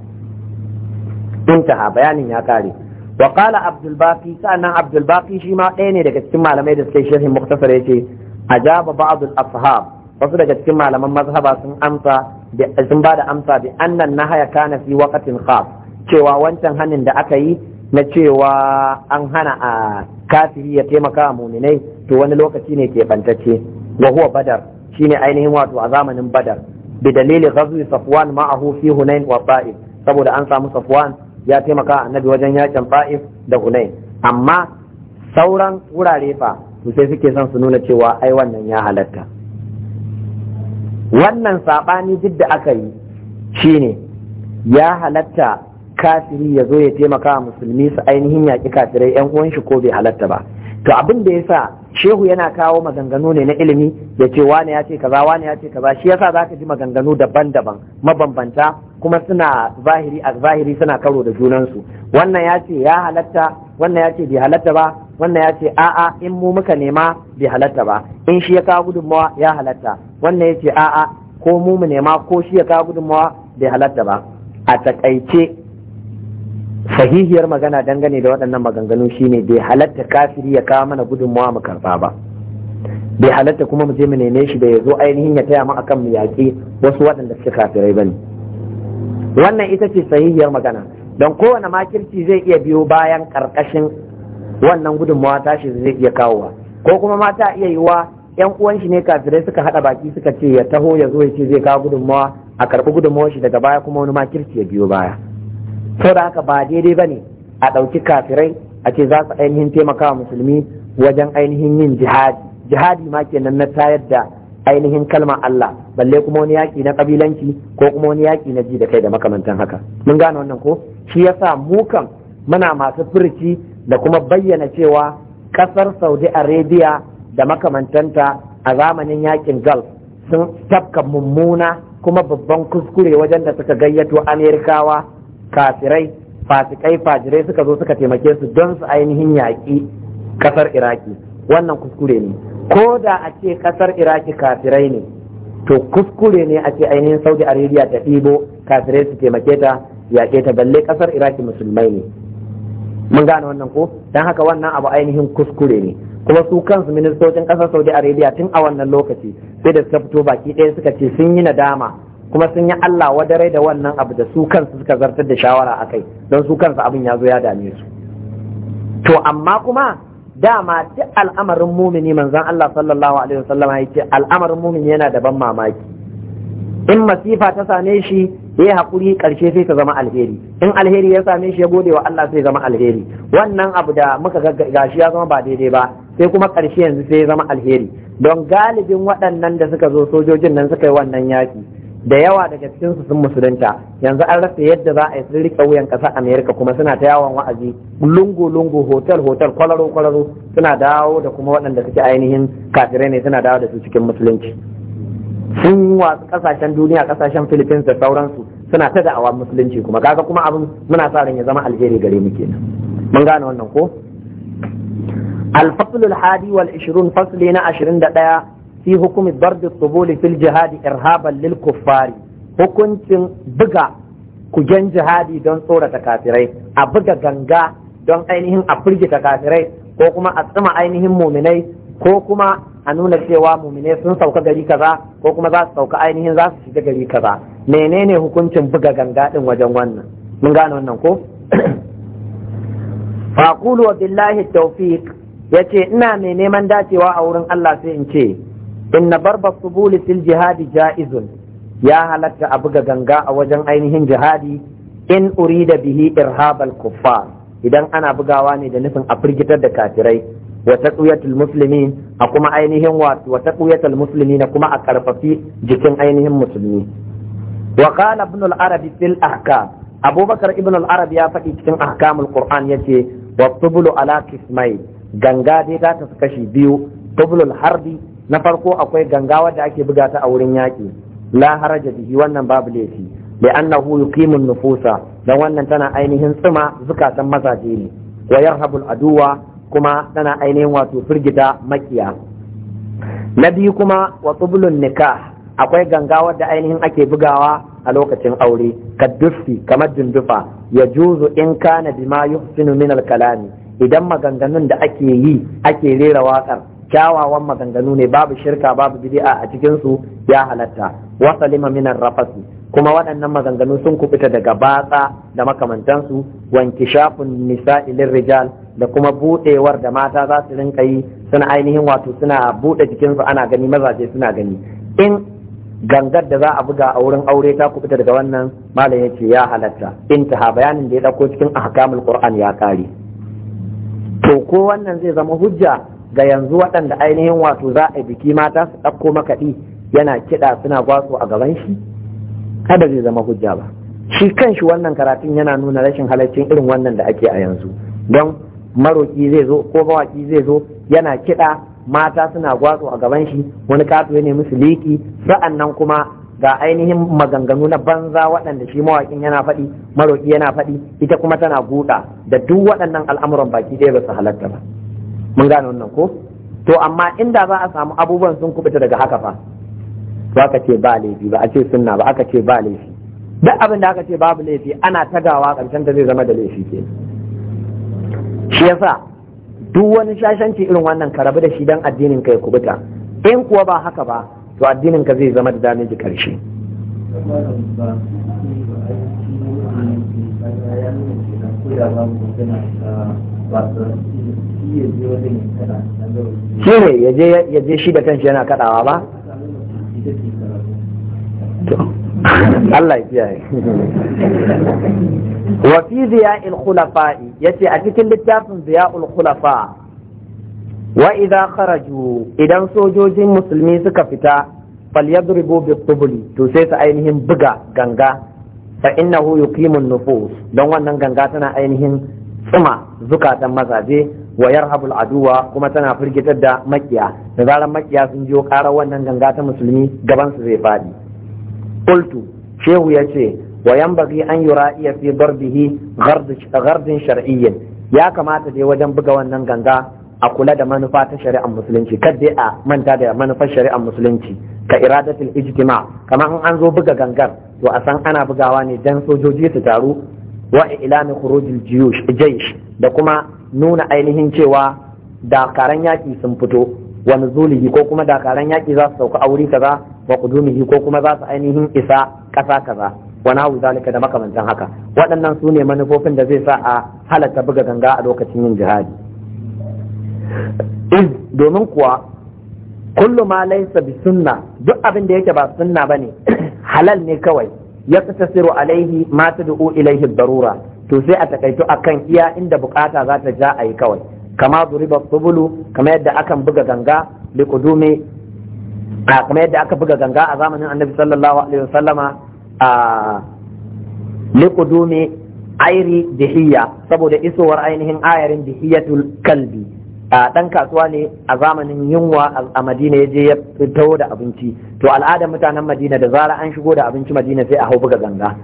intaha bayanin ya kare wa qala abdul baqi sannan abdul baqi shi ma ɗaya ne daga cikin malamai da suke yi sharhin muktasar yace ajaba ba'd al ashab wasu daga cikin malaman mazhaba sun amsa sun bada amsa bi annan nahaya kana fi waqtin khas cewa wancan hanin da aka yi na cewa an hana a kafiri ya taimaka muminai to wani lokaci ne ke bantacce wa huwa badar shine ainihin wato a zamanin badar bi dalili ghazwi safwan ma'ahu fi hunain wa ta'if saboda an samu safwan ya taimaka annabi wajen yakin fa'if da hunain amma sauran wurare fa to sai suke son su nuna cewa ai wannan ya halatta wannan saɓani duk da aka yi shine ya halatta kafiri ya zo ya taimaka musulmi su ainihin yaƙi kafirai yan uwan shi ko bai halatta ba to abin da yasa shehu yana kawo maganganu ne na ilimi ya ce wani ya ce kaza Wani ya ce kaza shi yasa zaka ji maganganu daban-daban mabambanta kuma suna zahiri a zahiri suna karo da junansu wannan ya ce ya halatta wannan ya ce bai halatta ba wannan ya ce a'a in mu muka nema bai halatta ba in shi ya kawo gudunmawa ya halatta wannan ya ce a'a ko mu mu nema ko shi ya kawo gudunmawa bai halatta ba a takaice sahihiyar magana dangane da waɗannan maganganu shine bai halatta kafiri ya kawo mana gudunmawa mu karfa ba bai halatta kuma mu je mu neme shi da ya zo ainihin ya taya mu akan mu yaƙi wasu waɗanda suka kafirai ba ne. wannan ita ce sahihiyar magana don kowane makirci zai iya biyo bayan karkashin wannan gudunmawa tashi zai iya kawowa ko kuma mata iya yiwa yan uwan shi ne kafirai suka hada baki suka ce ya taho ya zo ya ce zai kawo gudunmawa a karbi gudunmawar shi daga baya kuma wani makirci ya biyo baya da haka ba daidai ba ne a ɗauki kafirai a ce za su ainihin taimaka musulmi wajen ainihin yin jihadi jihadi ma kenan na tayar da ainihin kalma Allah balle kuma wani yaƙi na kabilanci ko kuma wani yaƙi na ji da kai da makamantan haka mun gane wannan ko shi yasa mu kan muna masu furci da kuma bayyana cewa ƙasar Saudi Arabia da makamantanta a zamanin yaƙin Gulf sun tafka mummuna kuma babban kuskure wajen da suka gayyato Amerikawa kafirai fasikai fajirai suka zo suka taimake su don su ainihin yaƙi ƙasar Iraki wannan kuskure ne ko da a ce kasar iraki kafirai ne to kuskure ne a ce ainihin saudi arabia ta ɗibo kafirai su taimake ta yaƙe ta balle kasar iraki musulmai ne mun gane wannan ko don haka wannan abu ainihin kuskure ne kuma su kansu ministocin kasar saudi arabia tun a wannan lokaci sai da suka fito baki ɗaya suka ce sun yi nadama kuma sun yi allah wadare da wannan abu da su kansu suka zartar da shawara a kai don su kansu abin ya zo ya dame su to amma kuma dama duk al'amarin mumini manzon Allah sallallahu alaihi wasallam ya ce al'amarin mumini yana da ban mamaki in masifa ta same shi ya hakuri karshe sai ta zama alheri in alheri ya same shi ya gode wa Allah sai zama alheri wannan abu da muka ga gashi ya zama ba daidai ba sai kuma karshe yanzu sai ya zama alheri don galibin waɗannan da suka zo sojojin nan suka yi wannan yaki da yawa daga cikin su sun musulunta yanzu an rasa yadda za a yi sun rika wuyan kasa amerika kuma suna ta yawon wa'azi lungu lungu hotel hotel kwalaro kwararo suna dawo da kuma waɗanda suke ainihin kafirai ne suna dawo da su cikin musulunci sun wasu kasashen duniya kasashen philippines da sauransu suna ta da'awa musulunci kuma kaga kuma abin muna sa ran ya zama alheri gare mu kenan mun gane wannan ko الفصل الحادي والعشرون فصل هنا عشرين دقيقة fi hukumi fil jihadi irhaban lil kuffari hukuncin buga kujen jihadi don tsorata kafirai a buga ganga don ainihin a firgita kafirai ko kuma a tsima ainihin muminai ko kuma a nuna cewa muminai sun sauka gari kaza ko kuma za su sauka ainihin za su shiga gari kaza menene hukuncin buga ganga din wajen wannan mun gano wannan ko faqulu wa billahi tawfiq yace ina mai neman dacewa a wurin Allah sai in ce inna barba subuli fil jihadi ja'izun ya halatta a buga ganga a wajen ainihin jihadi in urida bihi irhabal kuffar idan ana bugawa ne da nufin a firgitar da kafirai wa taqwiyatul muslimin a kuma ainihin wato wa taqwiyatul muslimin kuma a karfafi jikin ainihin musulmi wa qala ibn al-arabi fil ahkam abubakar ibn al-arabi ya faɗi cikin ahkamul qur'an yace wa tublu ala ganga dai za ta kashi biyu tublul harbi na farko akwai ganga da ake buga ta a wurin yaƙi la haraja bihi wannan babu laifi bi annahu yuqimun nufusa dan wannan tana ainihin tsuma, zukatan mazaje ne wa yarhabul aduwa kuma tana ainihin wato firgita makiya na biyu kuma wa tublun nikah akwai gangawa da ainihin ake bugawa a lokacin aure kaddufi kamar dundufa ya juzu in kana bima yuhsinu min al-kalami idan maganganun da ake yi ake rera waƙar kyawawan maganganu ne babu shirka babu bid'a a cikin su ya halatta wa salima min rafas kuma waɗannan maganganu sun kubuta daga batsa da su wanki shafin nisa'i rijal da kuma budewar da mata za su rinka yi suna ainihin wato suna bude jikinsu ana gani mazaje suna gani in gangar da za a buga a wurin aure ta kubuta daga wannan malam yace ya halatta intaha bayanin da ya dauko cikin ahkamul qur'an ya kare to ko wannan zai zama hujja ga yanzu waɗanda ainihin wato za a biki mata su ɗauko makaɗi yana kiɗa suna gwaso a gaban shi kada zai zama hujja ba shi kan shi wannan karatun yana nuna rashin halaccin irin wannan da ake a yanzu don maroki zai zo ko mawaki zai zo yana kiɗa mata suna gwaso a gaban shi wani kato ya nemi su liki sa'an nan kuma ga ainihin maganganu na banza waɗanda shi mawaƙin yana faɗi maroki yana faɗi ita kuma tana guda da duk waɗannan al'amuran baki ɗaya ba su halatta ba mun gane wannan ko to amma inda za a samu abubuwan sun kubuta daga haka fa to aka ce ba laifi ba a ce sunna ba aka ce ba laifi duk abin da aka ce babu laifi ana tagawa karshen ta zai zama da laifi ke shi yasa duk wani shashanci irin wannan ka rabu da shi dan addinin ka ya kubuta in kuwa ba haka ba to addinin ka zai zama da damiji karshe ba shi ne shi da kanshi yana kaɗawa ba Allah ya wa fi ziya'il khulafa'i ce a cikin littafin ziya'ul khulafa wa idan kharaju idan sojojin musulmi suka fita falyadribu bitubli to sai su ainihin buga ganga fa innahu yuqimun nufus don wannan ganga tana ainihin tsuma zukatan mazaje wa yarhabul aduwa kuma tana firgitar da makiya da zaran makiya sun jiyo karar wannan ganga ta musulmi gaban su zai fadi qultu shehu ya ce wa yanbaghi an sai fi darbihi ghardin shar'iyyin ya kamata dai wajen buga wannan ganga a kula da manufa ta shari'ar musulunci kar dai a manta da manufar shari'ar musulunci ka iradatul ijtima kamar in an zo buga gangar to a san ana bugawa ne dan sojoji su taru wa ilami khurujil jiyush jaysh da kuma nuna ainihin cewa dakaran yaƙi sun fito wa nuzulihi ko kuma dakaran yaƙi za su sauka a wuri kaza wa kudumihi ko kuma za su ainihin isa ƙasa kaza wana nahu zalika da makamantan haka waɗannan su ne manufofin da zai sa a halatta buga ganga a lokacin yin jihadi iz domin kuwa kullu ma laysa bi sunna duk abin da yake ba sunna bane halal ne kawai ya tasiru alaihi ma tad'u ilaihi darura to sai a takaito akan iya inda bukata za ta ja a yi kawai kama duriba subulu kama yadda akan buga ganga li kama yadda aka buga ganga a zamanin annabi sallallahu alaihi wasallama a li kudume airi dihiya saboda isowar ainihin ayarin dihiyatul kalbi a dan kasuwa ne a zamanin yunwa a madina ya je ya fito da abinci to al'adar mutanen madina da zara an shigo da abinci madina sai a hau buga ganga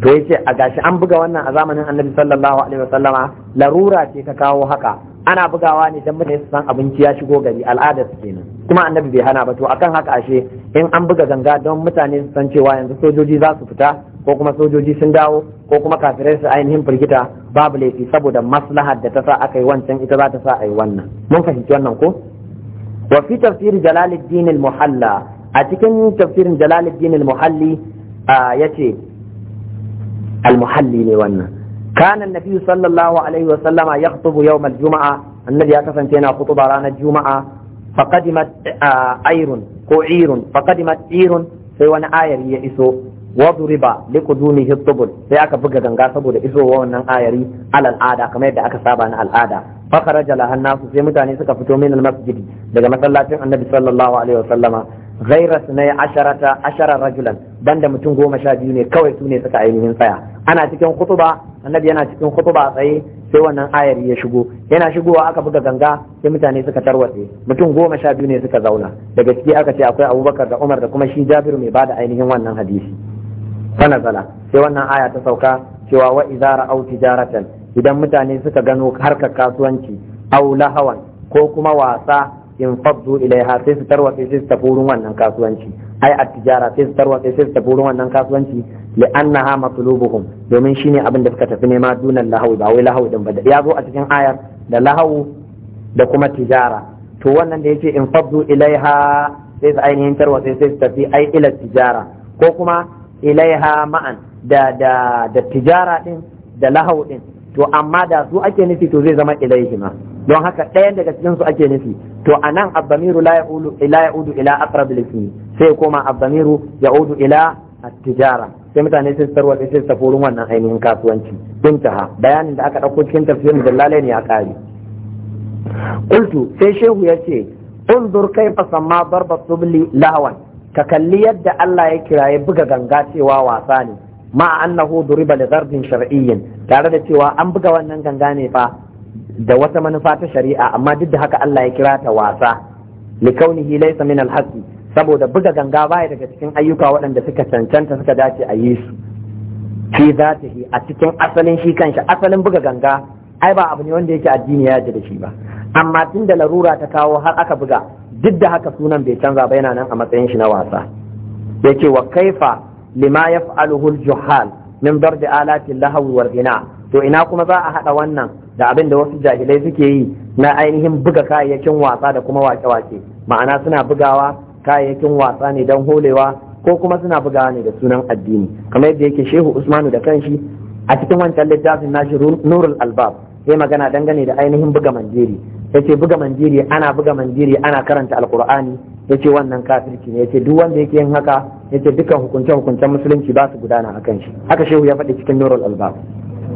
to yace a gashi an buga wannan a zamanin annabi sallallahu alaihi wasallama larura ce ta kawo haka ana bugawa ne dan mutane su san abinci ya shigo gari al'ada su kenan kuma annabi bai hana ba to akan haka ashe in an buga ganga don mutane su san cewa yanzu sojoji za su fita ko kuma sojoji sun dawo ko kuma kafirai su ainihin firgita babu laifi saboda maslahar da ta sa aka yi wancan ita za ta sa ayi wannan mun fahimci wannan ko wa fi tafsir jalaluddin al-muhalla a cikin tafsirin jalaluddin al-muhalli yace almuhalli ne wannan kana annabi sallallahu alaihi wa sallama yakhutubu yawm aljuma'a annabi ya kasance yana khutuba ranar juma'a faqadimat airun ah, ko irun faqadimat irun sai wani ayari ya iso wadriba liqudumihi tubul sai aka buga ganga saboda isowa wannan ayari al'ada kamar yadda aka saba na al'ada fakaraja lahan nasu sai mutane suka fito min masjidi daga masallacin annabi sallallahu alaihi wasallama Virus na asharata ashara rajulan banda mutum goma sha biyu ne kawai su ne suka ainihin tsaya ana cikin khutuba annabi yana cikin a tsaye sai wannan ayar ya shigo yana shigowa aka buga ganga sai mutane suka tarwatse mutum goma sha biyu ne suka zauna daga ciki aka ce akwai abubakar da umar da kuma shi jabir mai bada ainihin wannan hadisi fanazala sai wannan aya ta sauka cewa wa izara ra'aw tijaratan idan mutane suka gano harkar kasuwanci aw lahawan ko kuma wasa in faddu ilaiha sai su tarwa sai su tafi wurin wannan kasuwanci ai a tijara sai su tarwa sai su tafi wurin wannan kasuwanci li annaha matlubuhum domin shine abin da suka tafi nema dunan lahawi ba wai lahawi din ba da ya zo a cikin ayar da lahawu da kuma tijara to wannan da yace in faddu ilaiha sai su ainihin tarwa sai su tafi ai ila tijara ko kuma ilaiha ma'an da da da tijara din da lahawu din to amma da su ake nufi to zai zama ilaihima don haka ɗayan daga cikin su ake nufi to anan abdamiru la ya'udu ila ya'udu ila aqrab sai koma abdamiru ya'udu ila at-tijara sai mutane sai sarwa sai safurin wannan ainihin kasuwanci ha bayanin da aka dauko cikin tafsirin dalalai ne ya kare qultu sai shehu yace unzur kaifa samma darba tubli lawan ka kalli yadda Allah ya kiraye buga ganga cewa wasa ne ma annahu duriba li zarbin shar'iyyin tare da cewa an buga wannan ganga ne fa da wata manufa ta shari'a amma duk da haka Allah ya kira ta wasa li kaunihi laysa min al saboda buga ganga baya daga cikin ayyuka waɗanda suka cancanta suka dace a yi su fi zatihi a cikin asalin shi kanshi asalin buga ganga ai ba abu ne wanda yake addini ya ji da shi ba amma tun da larura ta kawo har aka buga duk da haka sunan bai canza ba yana nan a matsayin shi na wasa yake wa kaifa lima al-juhal min dardi alati lahawi wal ina. to ina kuma za a hada wannan da abin da wasu jahilai suke yi na ainihin buga kayayyakin wasa da kuma wake-wake ma'ana suna bugawa kayayyakin wasa ne don holewa ko kuma suna bugawa ne da sunan addini kamar yadda yake shehu usmanu da kanshi a cikin wancan littafin nashi nurul albab sai magana dangane da ainihin buga manjeri ce buga manjeri ana buga manjeri ana karanta Alkur'ani. Ya ce wannan kafirci ne ce duk wanda yake yin haka Ya ce dukkan hukunce hukuncen musulunci ba su gudana akan shi haka shehu ya faɗi cikin nurul albab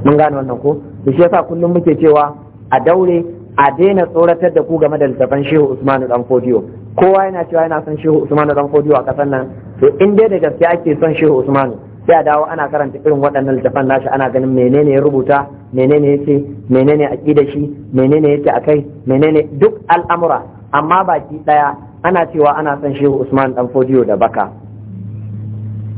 mun gane wannan ko da shi yasa kullum muke cewa a daure a daina tsoratar da ku game da littafan shehu usmanu dan fodiyo kowa yana cewa yana son shehu usmanu dan fodiyo a kasan nan to in dai da gaske ake son shehu usmanu sai a dawo ana karanta irin waɗannan littafan nashi ana ganin menene ya rubuta menene ya ce menene a da shi menene ya ce a kai menene duk al'amura amma baki ɗaya ana cewa ana son shehu usman dan fodiyo da baka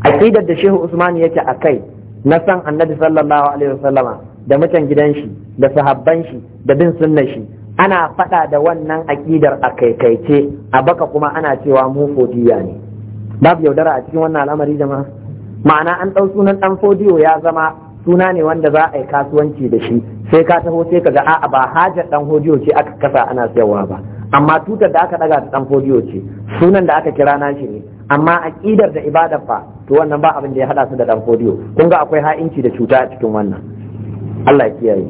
aƙidar da shehu usman yake a kai na san annabi sallallahu alaihi wasallama da mutan gidan shi da sahabban shi da bin sunnar shi ana faɗa da wannan aƙidar a kaikaice a baka kuma ana cewa mu fodiya ne babu yaudara a cikin wannan al'amari jama'a ma'ana an ɗau sunan ɗan fodiyo ya zama suna ne wanda za a yi kasuwanci da shi sai ka taho sai ka ga a'a ba hajar ɗan fodiyo ce aka kasa ana sayarwa ba amma tutar da aka ɗaga ta ɗan fodiyo ce sunan da aka kira na shi ne amma aƙidar da ibadar fa to wannan ba abin da ya haɗa su da ɗan fodiyo kun ga akwai ha'inci da cuta a cikin wannan Allah ya kiyaye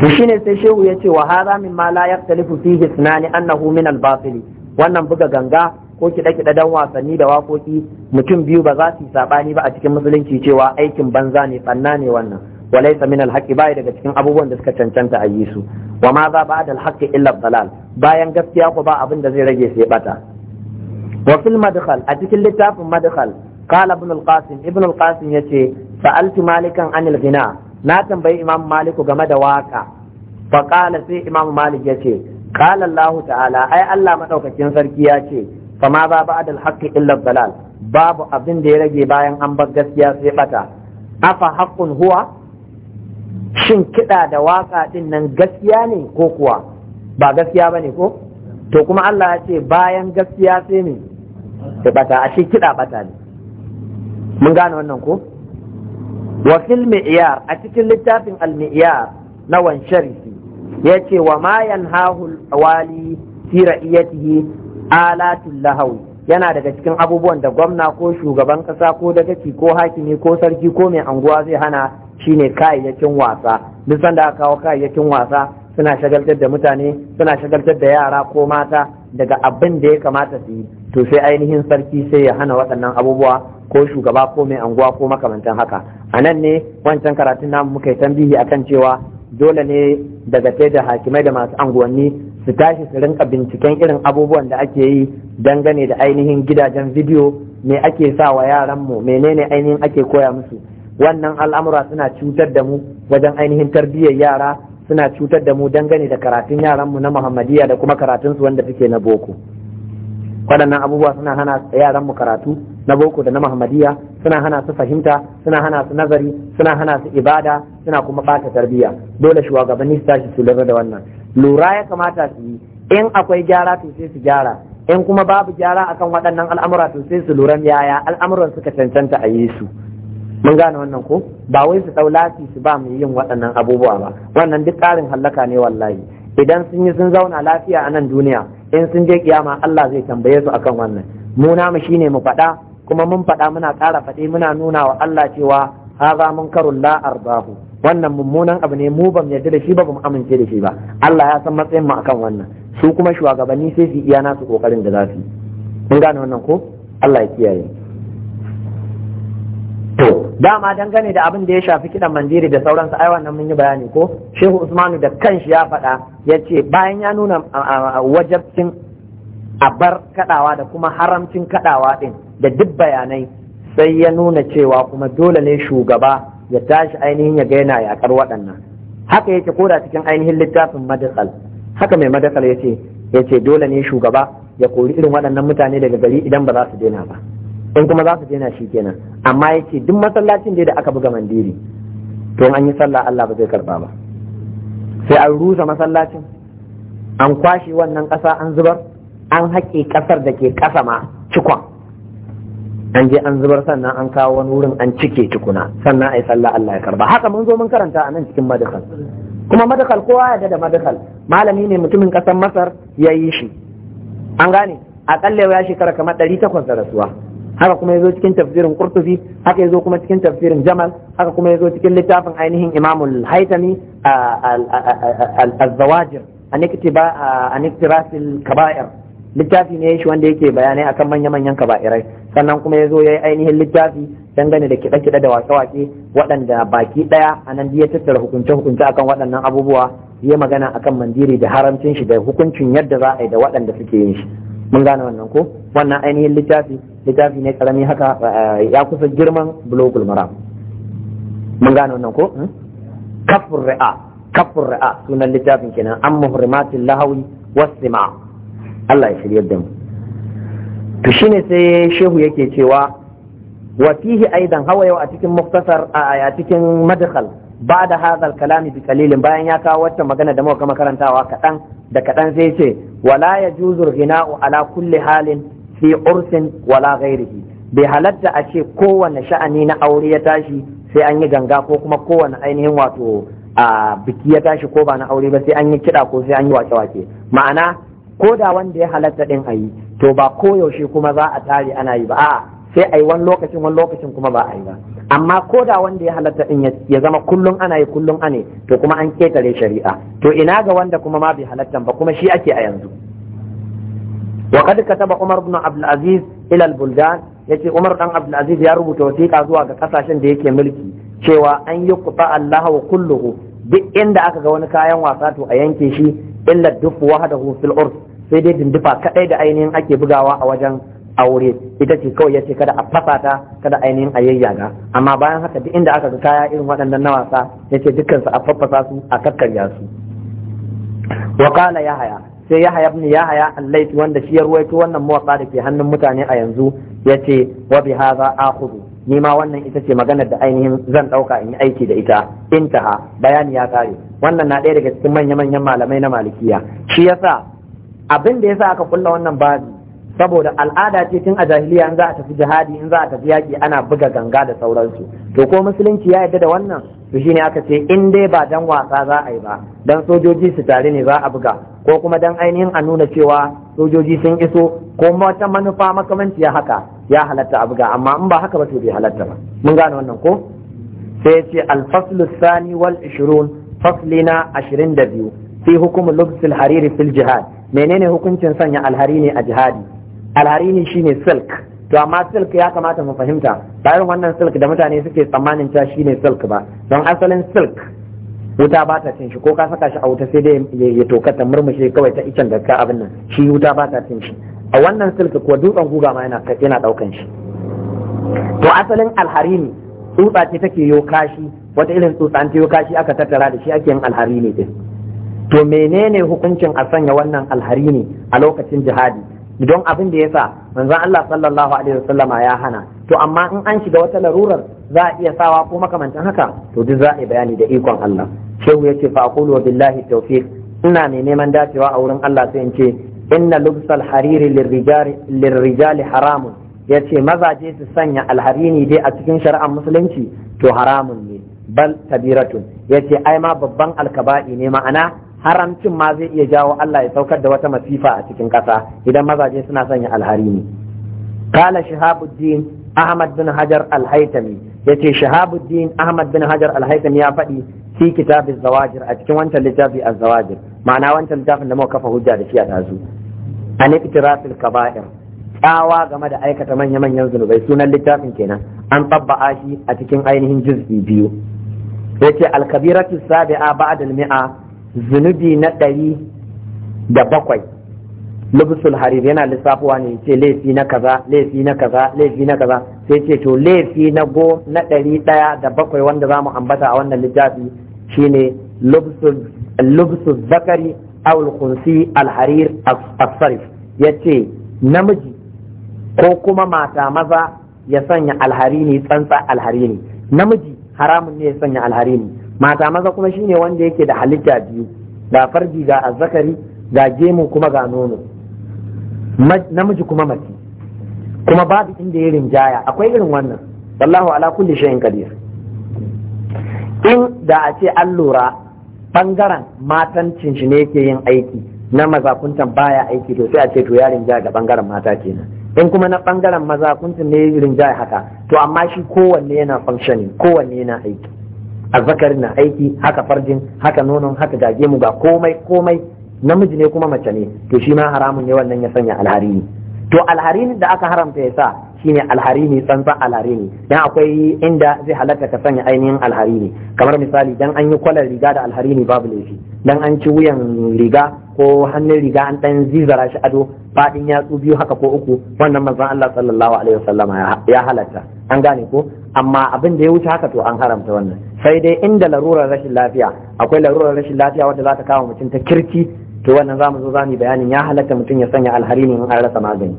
to shine sai shehu ya ce wa hadha mimma la yaktalifu fihi sunani annahu min al bafiri wannan buga ganga ko kiɗe-kiɗe dan wasanni da wakoki mutum biyu ba za su yi saɓani ba a cikin musulunci cewa aikin banza ne tsanna ne wannan walai min alhaqi bai daga cikin abubuwan da suka cancanta a yi su wa ma za ba'da alhaqi illa dalal bayan gaskiya ko ba abin da zai rage sai bata wa fil madkhal a cikin littafin madkhal qala ibn al-qasim ibn al-qasim yace sa'altu malikan anil ghina na tambayi imam maliku game da waka fa qala sai imam malik yace qala allah ta'ala ai allah madaukakin sarki yace fama ba ba adal haqqi illa dalal babu abin da ya rage bayan an bar gaskiya sai bata afa haqqun huwa shin kiɗa da waka din nan gaskiya ne ko kuwa ba gaskiya bane ko to kuma Allah ya ce bayan gaskiya sai ne sai bata shi kiɗa bata ne mun gane wannan ko wa fil mi'yar a cikin littafin al mi'yar na sharifi yace wa ma yanhahu al wali fi ra'iyatihi alatul lahawi yana daga cikin abubuwan da gwamna ko shugaban kasa ko dagaci ko hakimi ko sarki ko mai anguwa zai hana shine kayayyakin wasa duk da aka kawo kayayyakin wasa suna shagaltar da mutane suna shagaltar da yara ko mata daga abin da ya kamata su yi to sai ainihin sarki sai ya hana waɗannan abubuwa ko shugaba ko mai anguwa ko makamantan haka a nan ne wancan karatun namu muka yi tambihi akan cewa dole ne daga sai da hakimai da masu anguwanni su tashi su rinka binciken irin abubuwan da ake yi dangane da ainihin gidajen bidiyo me ake sa wa yaranmu menene ainihin ake koya musu wannan al'amura suna cutar da mu wajen ainihin tarbiyyar yara suna cutar da mu dangane da karatun yaranmu na muhammadiyya da kuma karatunsu wanda suke na boko waɗannan abubuwa suna hana yaranmu karatu na boko da na muhammadiyya suna hana su fahimta suna hana su nazari suna hana su ibada suna kuma ɓata tarbiyya dole shugabanni su tashi su lura da wannan lura ya kamata su yi in akwai gyara to sai su gyara in kuma babu gyara akan waɗannan al'amura to sai su lura yaya al'amuran suka cancanta a yi su mun gane wannan ko ba wai su ɗaulasi su ba mu yin waɗannan abubuwa ba wannan duk ƙarin hallaka ne wallahi idan sun yi sun zauna lafiya a nan duniya in sun je kiyama Allah zai tambaye su akan wannan mu namu shine mu faɗa kuma mun faɗa muna ƙara faɗi muna nuna wa Allah cewa haza mun karun la arbahu wannan mummunan abu ne mu bamu yarda da shi ba bamu amince da shi ba Allah ya san matsayin mu akan wannan su kuma shugabanni sai su iya nasu kokarin da za su mun gane wannan ko Allah ya kiyaye to dama dangane da abin da ya shafi kidan mandiri da sauransu ai wannan mun yi bayani ko Shehu Usmanu da kanshi ya faɗa yace bayan ya nuna wajabcin abar kadawa da kuma haramcin kadawa din da duk bayanai sai ya nuna cewa kuma dole ne shugaba ya tashi ainihin ya gaina ya yakar waɗannan haka yake koda cikin ainihin littafin madasal haka mai madasal yace yace dole ne shugaba ya kori irin waɗannan mutane daga gari idan ba za su daina ba in kuma za su daina shi kenan amma yace duk masallacin da aka buga mandiri to an yi sallah Allah ba zai karba ba sai an rusa masallacin an kwashe wannan ƙasa an zubar an haƙe ƙasar da ke ƙasa ma cikon an je an zubar sannan an kawo wani wurin an cike tukuna sannan yi sallah Allah ya karba haka mun zo mun karanta a nan cikin madakal kuma madakal kowa ya da madakal malami ne mutumin kasar Masar ya yi shi an gane A akalla ya shekara kamar takwas da rasuwa haka kuma zo cikin tafsirin kurtufi. haka zo kuma cikin tafsirin Jamal haka kuma yazo cikin littafin ainihin imamul al-Haytami al-Zawajir an iktiba an iktirasil kaba'ir littafi ne shi wanda yake bayanai akan manya-manyan kaba'irai sannan kuma ya zo ya yi ainihin littafi dangane da kiɗe-kiɗe da wake-wake waɗanda baki ɗaya a nan ya tattara hukunce-hukunce akan waɗannan abubuwa ya magana akan mandiri da haramcin shi da hukuncin yadda za a yi da waɗanda suke yin shi mun gane wannan ko wannan ainihin littafi littafi ne karami haka eh, ya kusa girman bulogul mara. mun gane wannan ko hmm? kafin ri'a kafin ri'a sunan littafin kenan an muhrimatin lahawi wasu Allah ya shirya da mu to shine sai shehu yake cewa wa fihi aidan hawa yau a cikin muktasar a cikin madkhal ba da hadal kalami bi kalilin bayan ya kawo wata magana da muka makarantawa kaɗan da kaɗan sai ce wala ya juzur hina'u ala kulle halin fi ursin wala ghairihi bai halatta a ce kowane sha'ani na aure ya tashi sai an yi ganga ko kuma kowane ainihin wato a biki ya tashi ko ba na aure ba sai an yi kiɗa ko sai an yi wake-wake ma'ana ko da wanda ya halatta din a yi to ba koyaushe kuma za a tsari ana yi ba a'a sai a yi wani lokacin wani lokacin kuma ba a yi ba amma ko da wanda ya halatta din ya zama kullum ana yi kullum ane to kuma an ketare shari'a to ina ga wanda kuma ma bai halatta ba kuma shi ake a yanzu wa kad kataba Umar ibn Abdul Aziz ila al-buldan yace Umar dan Abdul Aziz ya rubuta wasiƙa zuwa ga kasashen da yake mulki cewa an yuqta Allah wa kulluhu duk inda aka ga wani kayan wasa to a yanke shi illa dufu wahdahu fil urf sai dai dindifa kadai da ainihin ake bugawa a wajen aure ita ce kawai yace kada a fasa ta kada ainihin a yayyaga amma bayan haka duk inda aka ga kaya irin waɗannan na wasa yace dukkan su a faffasa su a kakkarya su wa qala yahya sai yahya ibn yahya al laifi wanda shi ya ruwaito wannan mawaka da ke hannun mutane a yanzu yace wa bi hadha akhudhu ni ma wannan ita ce maganar da ainihin zan dauka in yi aiki da ita intaha bayani ya kare wannan na ɗaya daga cikin manya-manyan malamai na malikiya shi yasa abin da yasa aka kulla wannan bazi saboda al'ada ce tun a jahiliya in za a tafi jihadi in za a tafi yaƙi ana buga ganga da sauransu to ko musulunci ya yarda da wannan to shine aka ce in dai ba dan wasa za a yi ba dan sojoji su tare ne za a buga ko kuma dan ainihin a nuna cewa sojoji sun iso ko wata manufa makamanci haka ya halatta a buga amma in ba haka ba to bai halatta ba mun gane wannan ko sai ya ce wal faslu fasli na ashirin da biyu fi hukum lubs hariri fil jihad menene hukuncin sanya alhari ne a jihadi alhari ne shine silk to amma silk ya kamata mu fahimta bayan wannan silk da mutane suke tsammanin cewa shine silk ba don asalin silk wuta ba ta cin shi ko ka saka shi a wuta sai dai ya toka ta murmushe kawai ta icen da ka abin nan shi wuta ba ta cin shi a wannan silk kuwa dutsen guga ma yana yana daukan shi to asalin alharini tsutsa ce take yo kashi wata irin tsutsa an ta yo kashi aka tattara da shi ake yin alharini din to menene hukuncin a sanya wannan alhari ne a lokacin jihadi Don abin da ya sa manzon Allah sallallahu alaihi wasallama ya hana to amma in an shiga wata larurar za a iya sawa ko makamantan haka to duk za a yi bayani da ikon Allah shehu yace fa aqulu billahi tawfiq ina mai neman dacewa a wurin Allah sai in ce inna lubsal hariri lirrijali haramun yace mazaje su sanya alharini dai a cikin shari'ar musulunci to haramun ne bal kabiratun yace ai ma babban alkaba'i ne ma'ana haramcin ma zai iya jawo Allah ya saukar da wata masifa a cikin ƙasa idan mazaje suna sanya alharini kala shahabuddin ahmad bin hajar alhaitami yace shahabuddin ahmad bin hajar Al-Haitami ya faɗi fi kitabin zawajir a cikin wancan littafi az-zawajir ma'ana wancan littafin da muka kafa hujja da shi a tazu an iktirasil kaba'ir tsawa game da aikata manya-manyan zunubai sunan littafin kenan an tabba'a shi a cikin ainihin juz'i biyu yace al-kabiratu sabi'a ba'da mia zunubi na ɗari da bakwai lubusul harir yana lissafuwa ne ce laifi na kaza laifi na kaza laifi na kaza sai ce to laifi na go na ɗari ɗaya da bakwai wanda za mu ambata a wannan littafi shine lubusul zakari awul kunsi alharir asarif ya ce namiji ko kuma mata maza ya sanya alharini tsantsa alharini namiji haramun ne ya sanya alharini mata maza kuma shine wanda yake da halitta biyu ga farji ga azzakari ga gemu kuma ga nono namiji kuma mace kuma babu inda ya rinjaya akwai irin wannan wallahu ala kulli shay'in kadir in da a ce an lura bangaren matan cinci ne yake yin aiki na maza kuntan baya aiki to sai a ce to ya rinjaya ga bangaren mata kenan in kuma na bangaren kuntan ne rinjaya haka to amma shi kowanne yana functioning kowanne yana aiki azzakari na aiki haka farjin haka nonon haka gage mu ga komai komai namiji ne kuma mace ne to shi ma haramun ne wannan ya sanya alharini to alharini da aka haramta ya sa shine alharini tsantsan alharini dan akwai inda zai halatta ka sanya ainihin alharini kamar misali dan an yi kwalar riga da alharini babu laifi dan an ci wuyan riga ko hannun riga an dan zizara shi ado fadin yatsu biyu haka ko uku wannan manzon Allah sallallahu alaihi wasallama ya halatta an gane ko amma abin da ya wuce haka to an haramta wannan sai dai inda larurar rashin lafiya akwai larurar rashin lafiya wadda zata kama kawo mutum ta kirki to wannan za mu zo za mu bayanin ya halatta mutum ya sanya alharini in an rasa magani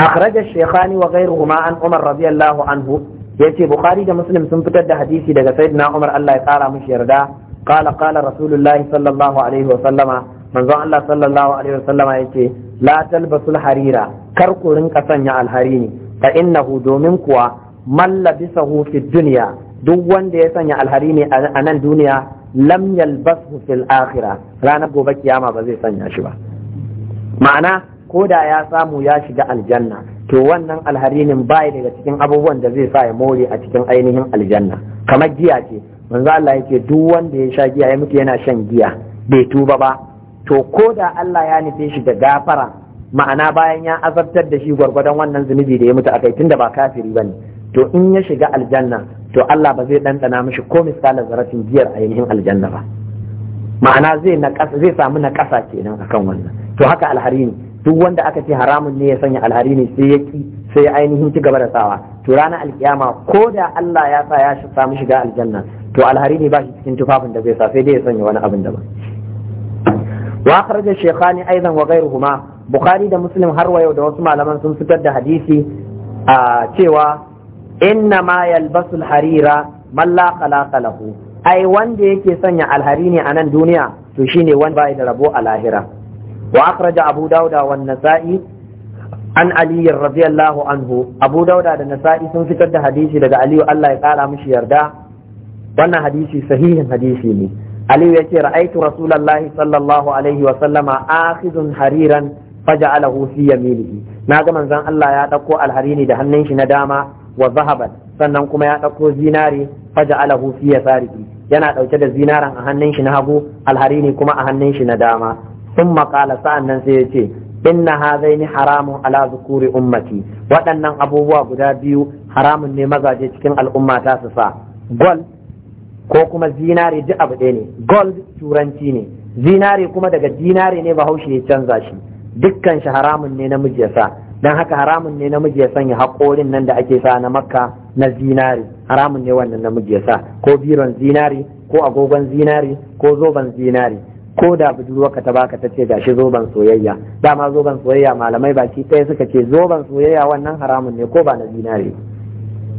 أخرج الشيخان وغيرهما عن عمر رضي الله عنه yace bukhari da muslim sun fitar da hadisi daga sayyidina umar Allah ya kara mishi yarda qala qala rasulullahi sallallahu alaihi wa sallama manzon Allah sallallahu alaihi wa sallama yace la talbasul harira kar ku rinka sanya alharini fa innahu domin kuwa mallabisahu fi duniya duk wanda ya sanya alhari ne a nan duniya lam yalbasu fil akhirah ranar gobe kiyama ba zai sanya shi ba ma'ana koda ya samu ya shiga aljanna to wannan alharinin bai daga cikin abubuwan da zai sa ya more a cikin ainihin aljanna kamar giya ce manzo Allah yake duk wanda ya sha giya ya mutu yana shan giya bai tuba ba to ko da Allah ya nufe shi da gafara ma'ana bayan ya azabtar da shi gwargwadon wannan zunubi da ya mutu akai tunda ba kafiri bane to in ya shiga aljanna to Allah ba zai ɗanɗana mishi ko misalin zarafin giyar ainihin aljanna ba ma'ana zai zai samu na ƙasa kenan akan wannan to haka alharini duk wanda aka ce haramun ne ya sanya alharini sai ya ki sai ya ainihin ci gaba da sawa to ranar alkiyama ko da Allah ya sa ya samu shiga aljanna to alharini ba shi cikin tufafin da zai sa sai dai ya sanya wani abin ba. wa akhraja shaykhani aidan wa ghayruhuma bukhari da muslim har wa yau da wasu malaman sun fitar da hadisi a cewa inna ma yalbasul harira man la khalaqa lahu ai wanda yake sanya alhari ne a nan duniya to shine wanda bai da rabo a lahira wa akhraja abu dauda wan nasa'i an ali radiyallahu anhu abu dauda da nasa'i sun fitar da hadisi daga aliyu Allah ya kara mishi yarda wannan hadisi sahihin hadisi ne aliyu yace ra'aytu rasulullahi sallallahu alaihi wa sallama akhidun hariran faja'alahu fi yaminihi naga manzon Allah ya dauko alhari ne da hannun shi na dama wa zahaban sannan kuma ya ɗauko zinare faja alahu fi yasarihi yana ɗauke da zinaran a hannun shi na hagu alharini kuma a hannun shi na dama sun maƙala sa'an nan sai ya ce inna hazaini haramun ala zukuri ummati waɗannan abubuwa guda biyu haramun ne mazaje cikin al'umma ta su sa gold ko kuma zinare duk abu ɗaya ne gold turanci ne zinare kuma daga dinare ne bahaushe ya canza shi dukkan shi haramun ne namiji ya sa dan haka haramun ne namiji ya sanya haƙorin nan da ake sa na makka na zinari haramun ne wannan namiji ya sa ko biron zinari ko agogon zinari ko zoben zinari ko da budurwarka ta baka ta ce gashi zoben soyayya dama zoben soyayya malamai baki ɗaya suka ce zoben soyayya wannan haramun ne ko ba na zinari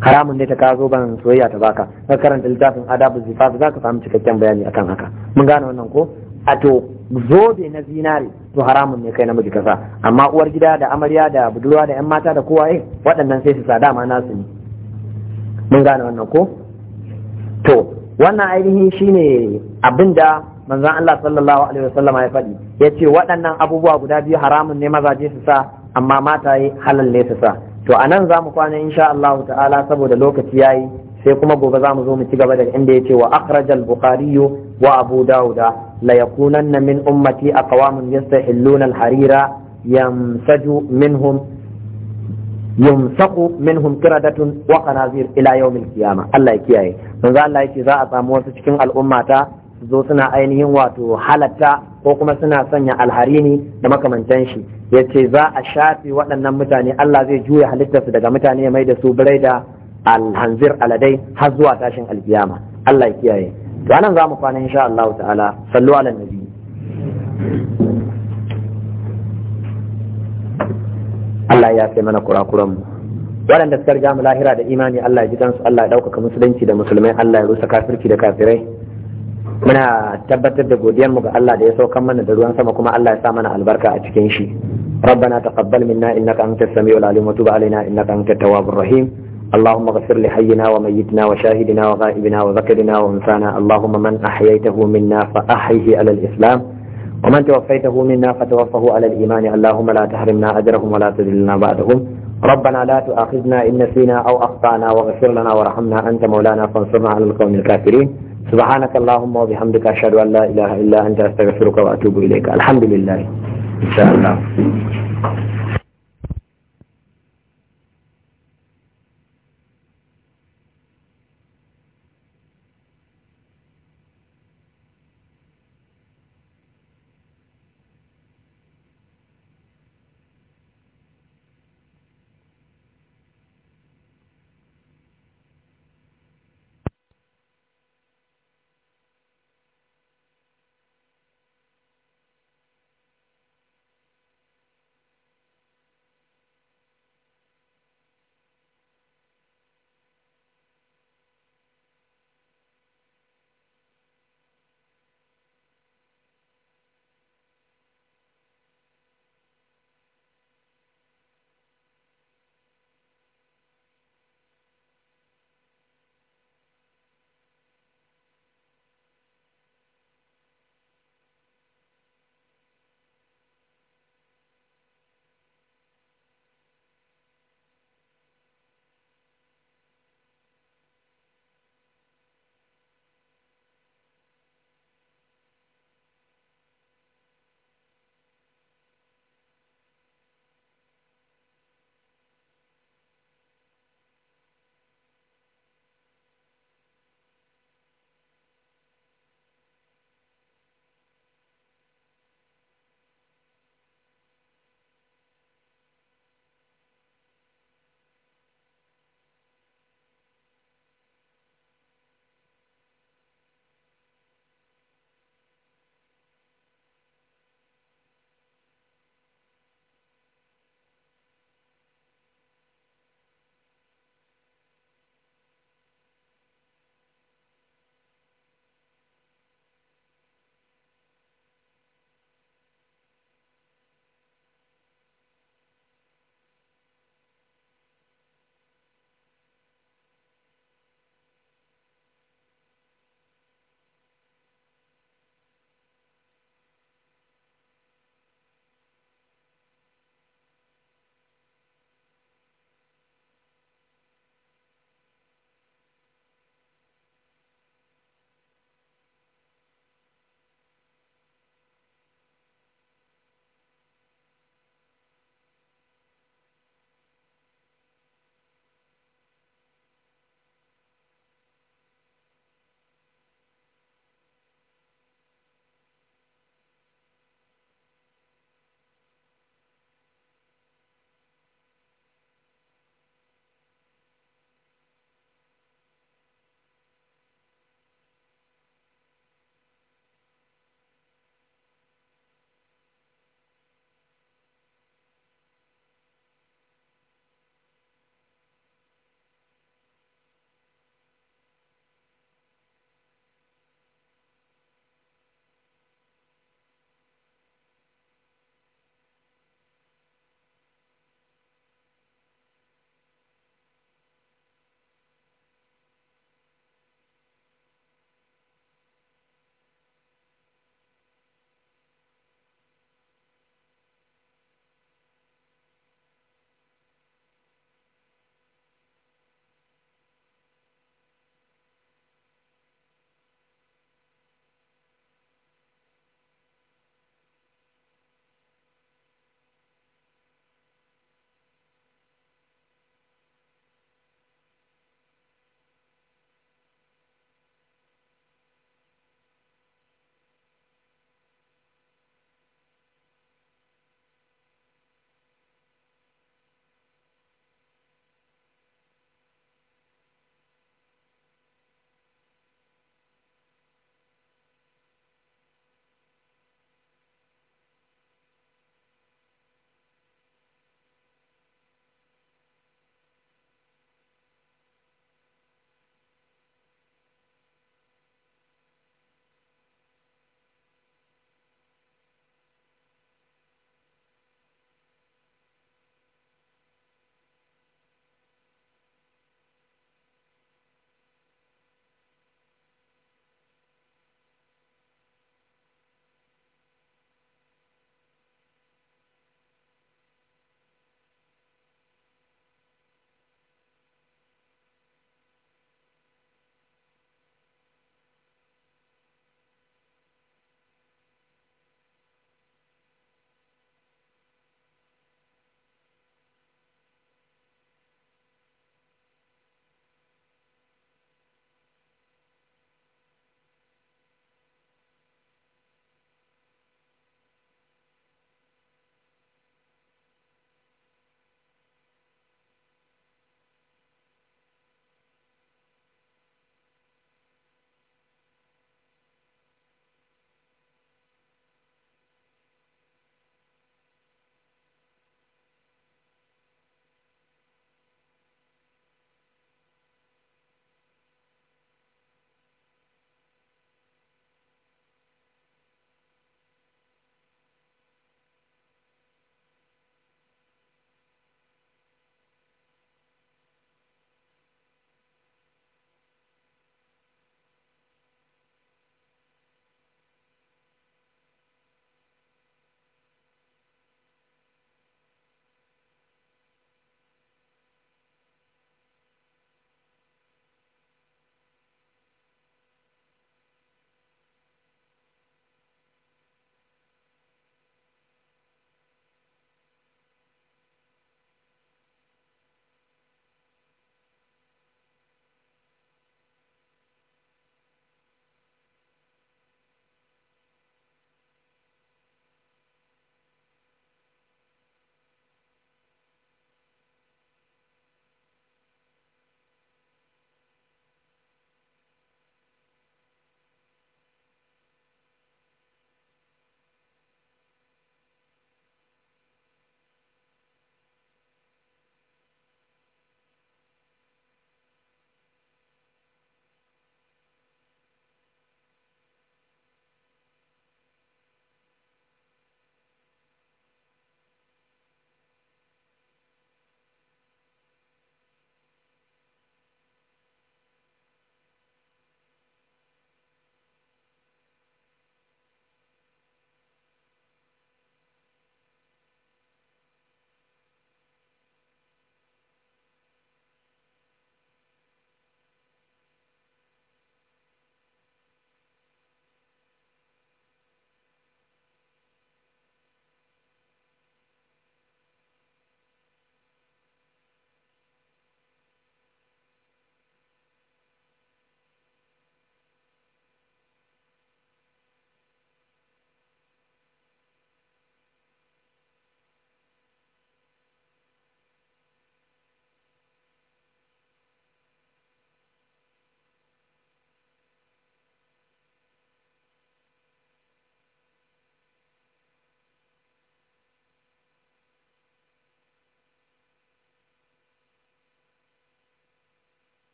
haramun ne ta kawo zoben soyayya ta baka ka karanta littafin adabu zifaf za ka samu cikakken bayani akan haka mun gane wannan ko a to zobe na zinari to haramun ne kai namiji kasa amma uwar gida da amarya da budurwa da yan mata da kowa eh waɗannan sai su sa dama nasu ne mun gane wannan ko to wannan ainihin shine abinda manzon Allah sallallahu alaihi wasallama ya faɗi ce waɗannan abubuwa guda biyu haramun ne mazaje su sa amma yi halal ne su sa to anan mu kwana insha Allah ta'ala saboda lokaci yayi sai kuma gobe za mu zo mu ci gaba da inda yace wa akhraj al-bukhari wa abu dauda la yakunanna min ummati aqwamun yastahilluna al-harira yamsaju minhum yumsaku minhum qiradatun wa qanazir ila yawm al-qiyama Allah ya kiyaye manzo Allah ce za a samu wasu cikin al'ummata su zo suna ainihin wato halatta ko kuma suna sanya alharini da makamantan shi yace za a shafe waɗannan mutane Allah zai juya halittarsu daga mutane ya mai da su birai da alhanzir aladai har zuwa tashin alkiyama Allah ya kiyaye to anan za mu kwana insha Allah ta'ala sallu ala nabi Allah ya kai mana kurakuran mu waɗanda suka riga mu lahira da imani Allah ya ji kansu Allah ya ɗaukaka musulunci da musulmai Allah ya rusa kafirci da kafirai muna tabbatar da godiyar mu ga Allah da ya saukan mana da ruwan sama kuma Allah ya sa mana albarka a cikin shi ربنا تقبل منا إنك أنت السميع العليم وتب علينا إنك أنت التواب الرحيم اللهم اغفر لحينا وميتنا وشاهدنا وغائبنا وذكرنا وانثانا اللهم من احييته منا فاحيه على الاسلام ومن توفيته منا فتوفه على الايمان اللهم لا تحرمنا اجرهم ولا تذلنا بعدهم ربنا لا تؤاخذنا ان نسينا او اخطانا واغفر لنا وارحمنا انت مولانا فانصرنا على القوم الكافرين سبحانك اللهم وبحمدك اشهد ان لا اله الا انت استغفرك واتوب اليك الحمد لله ان شاء الله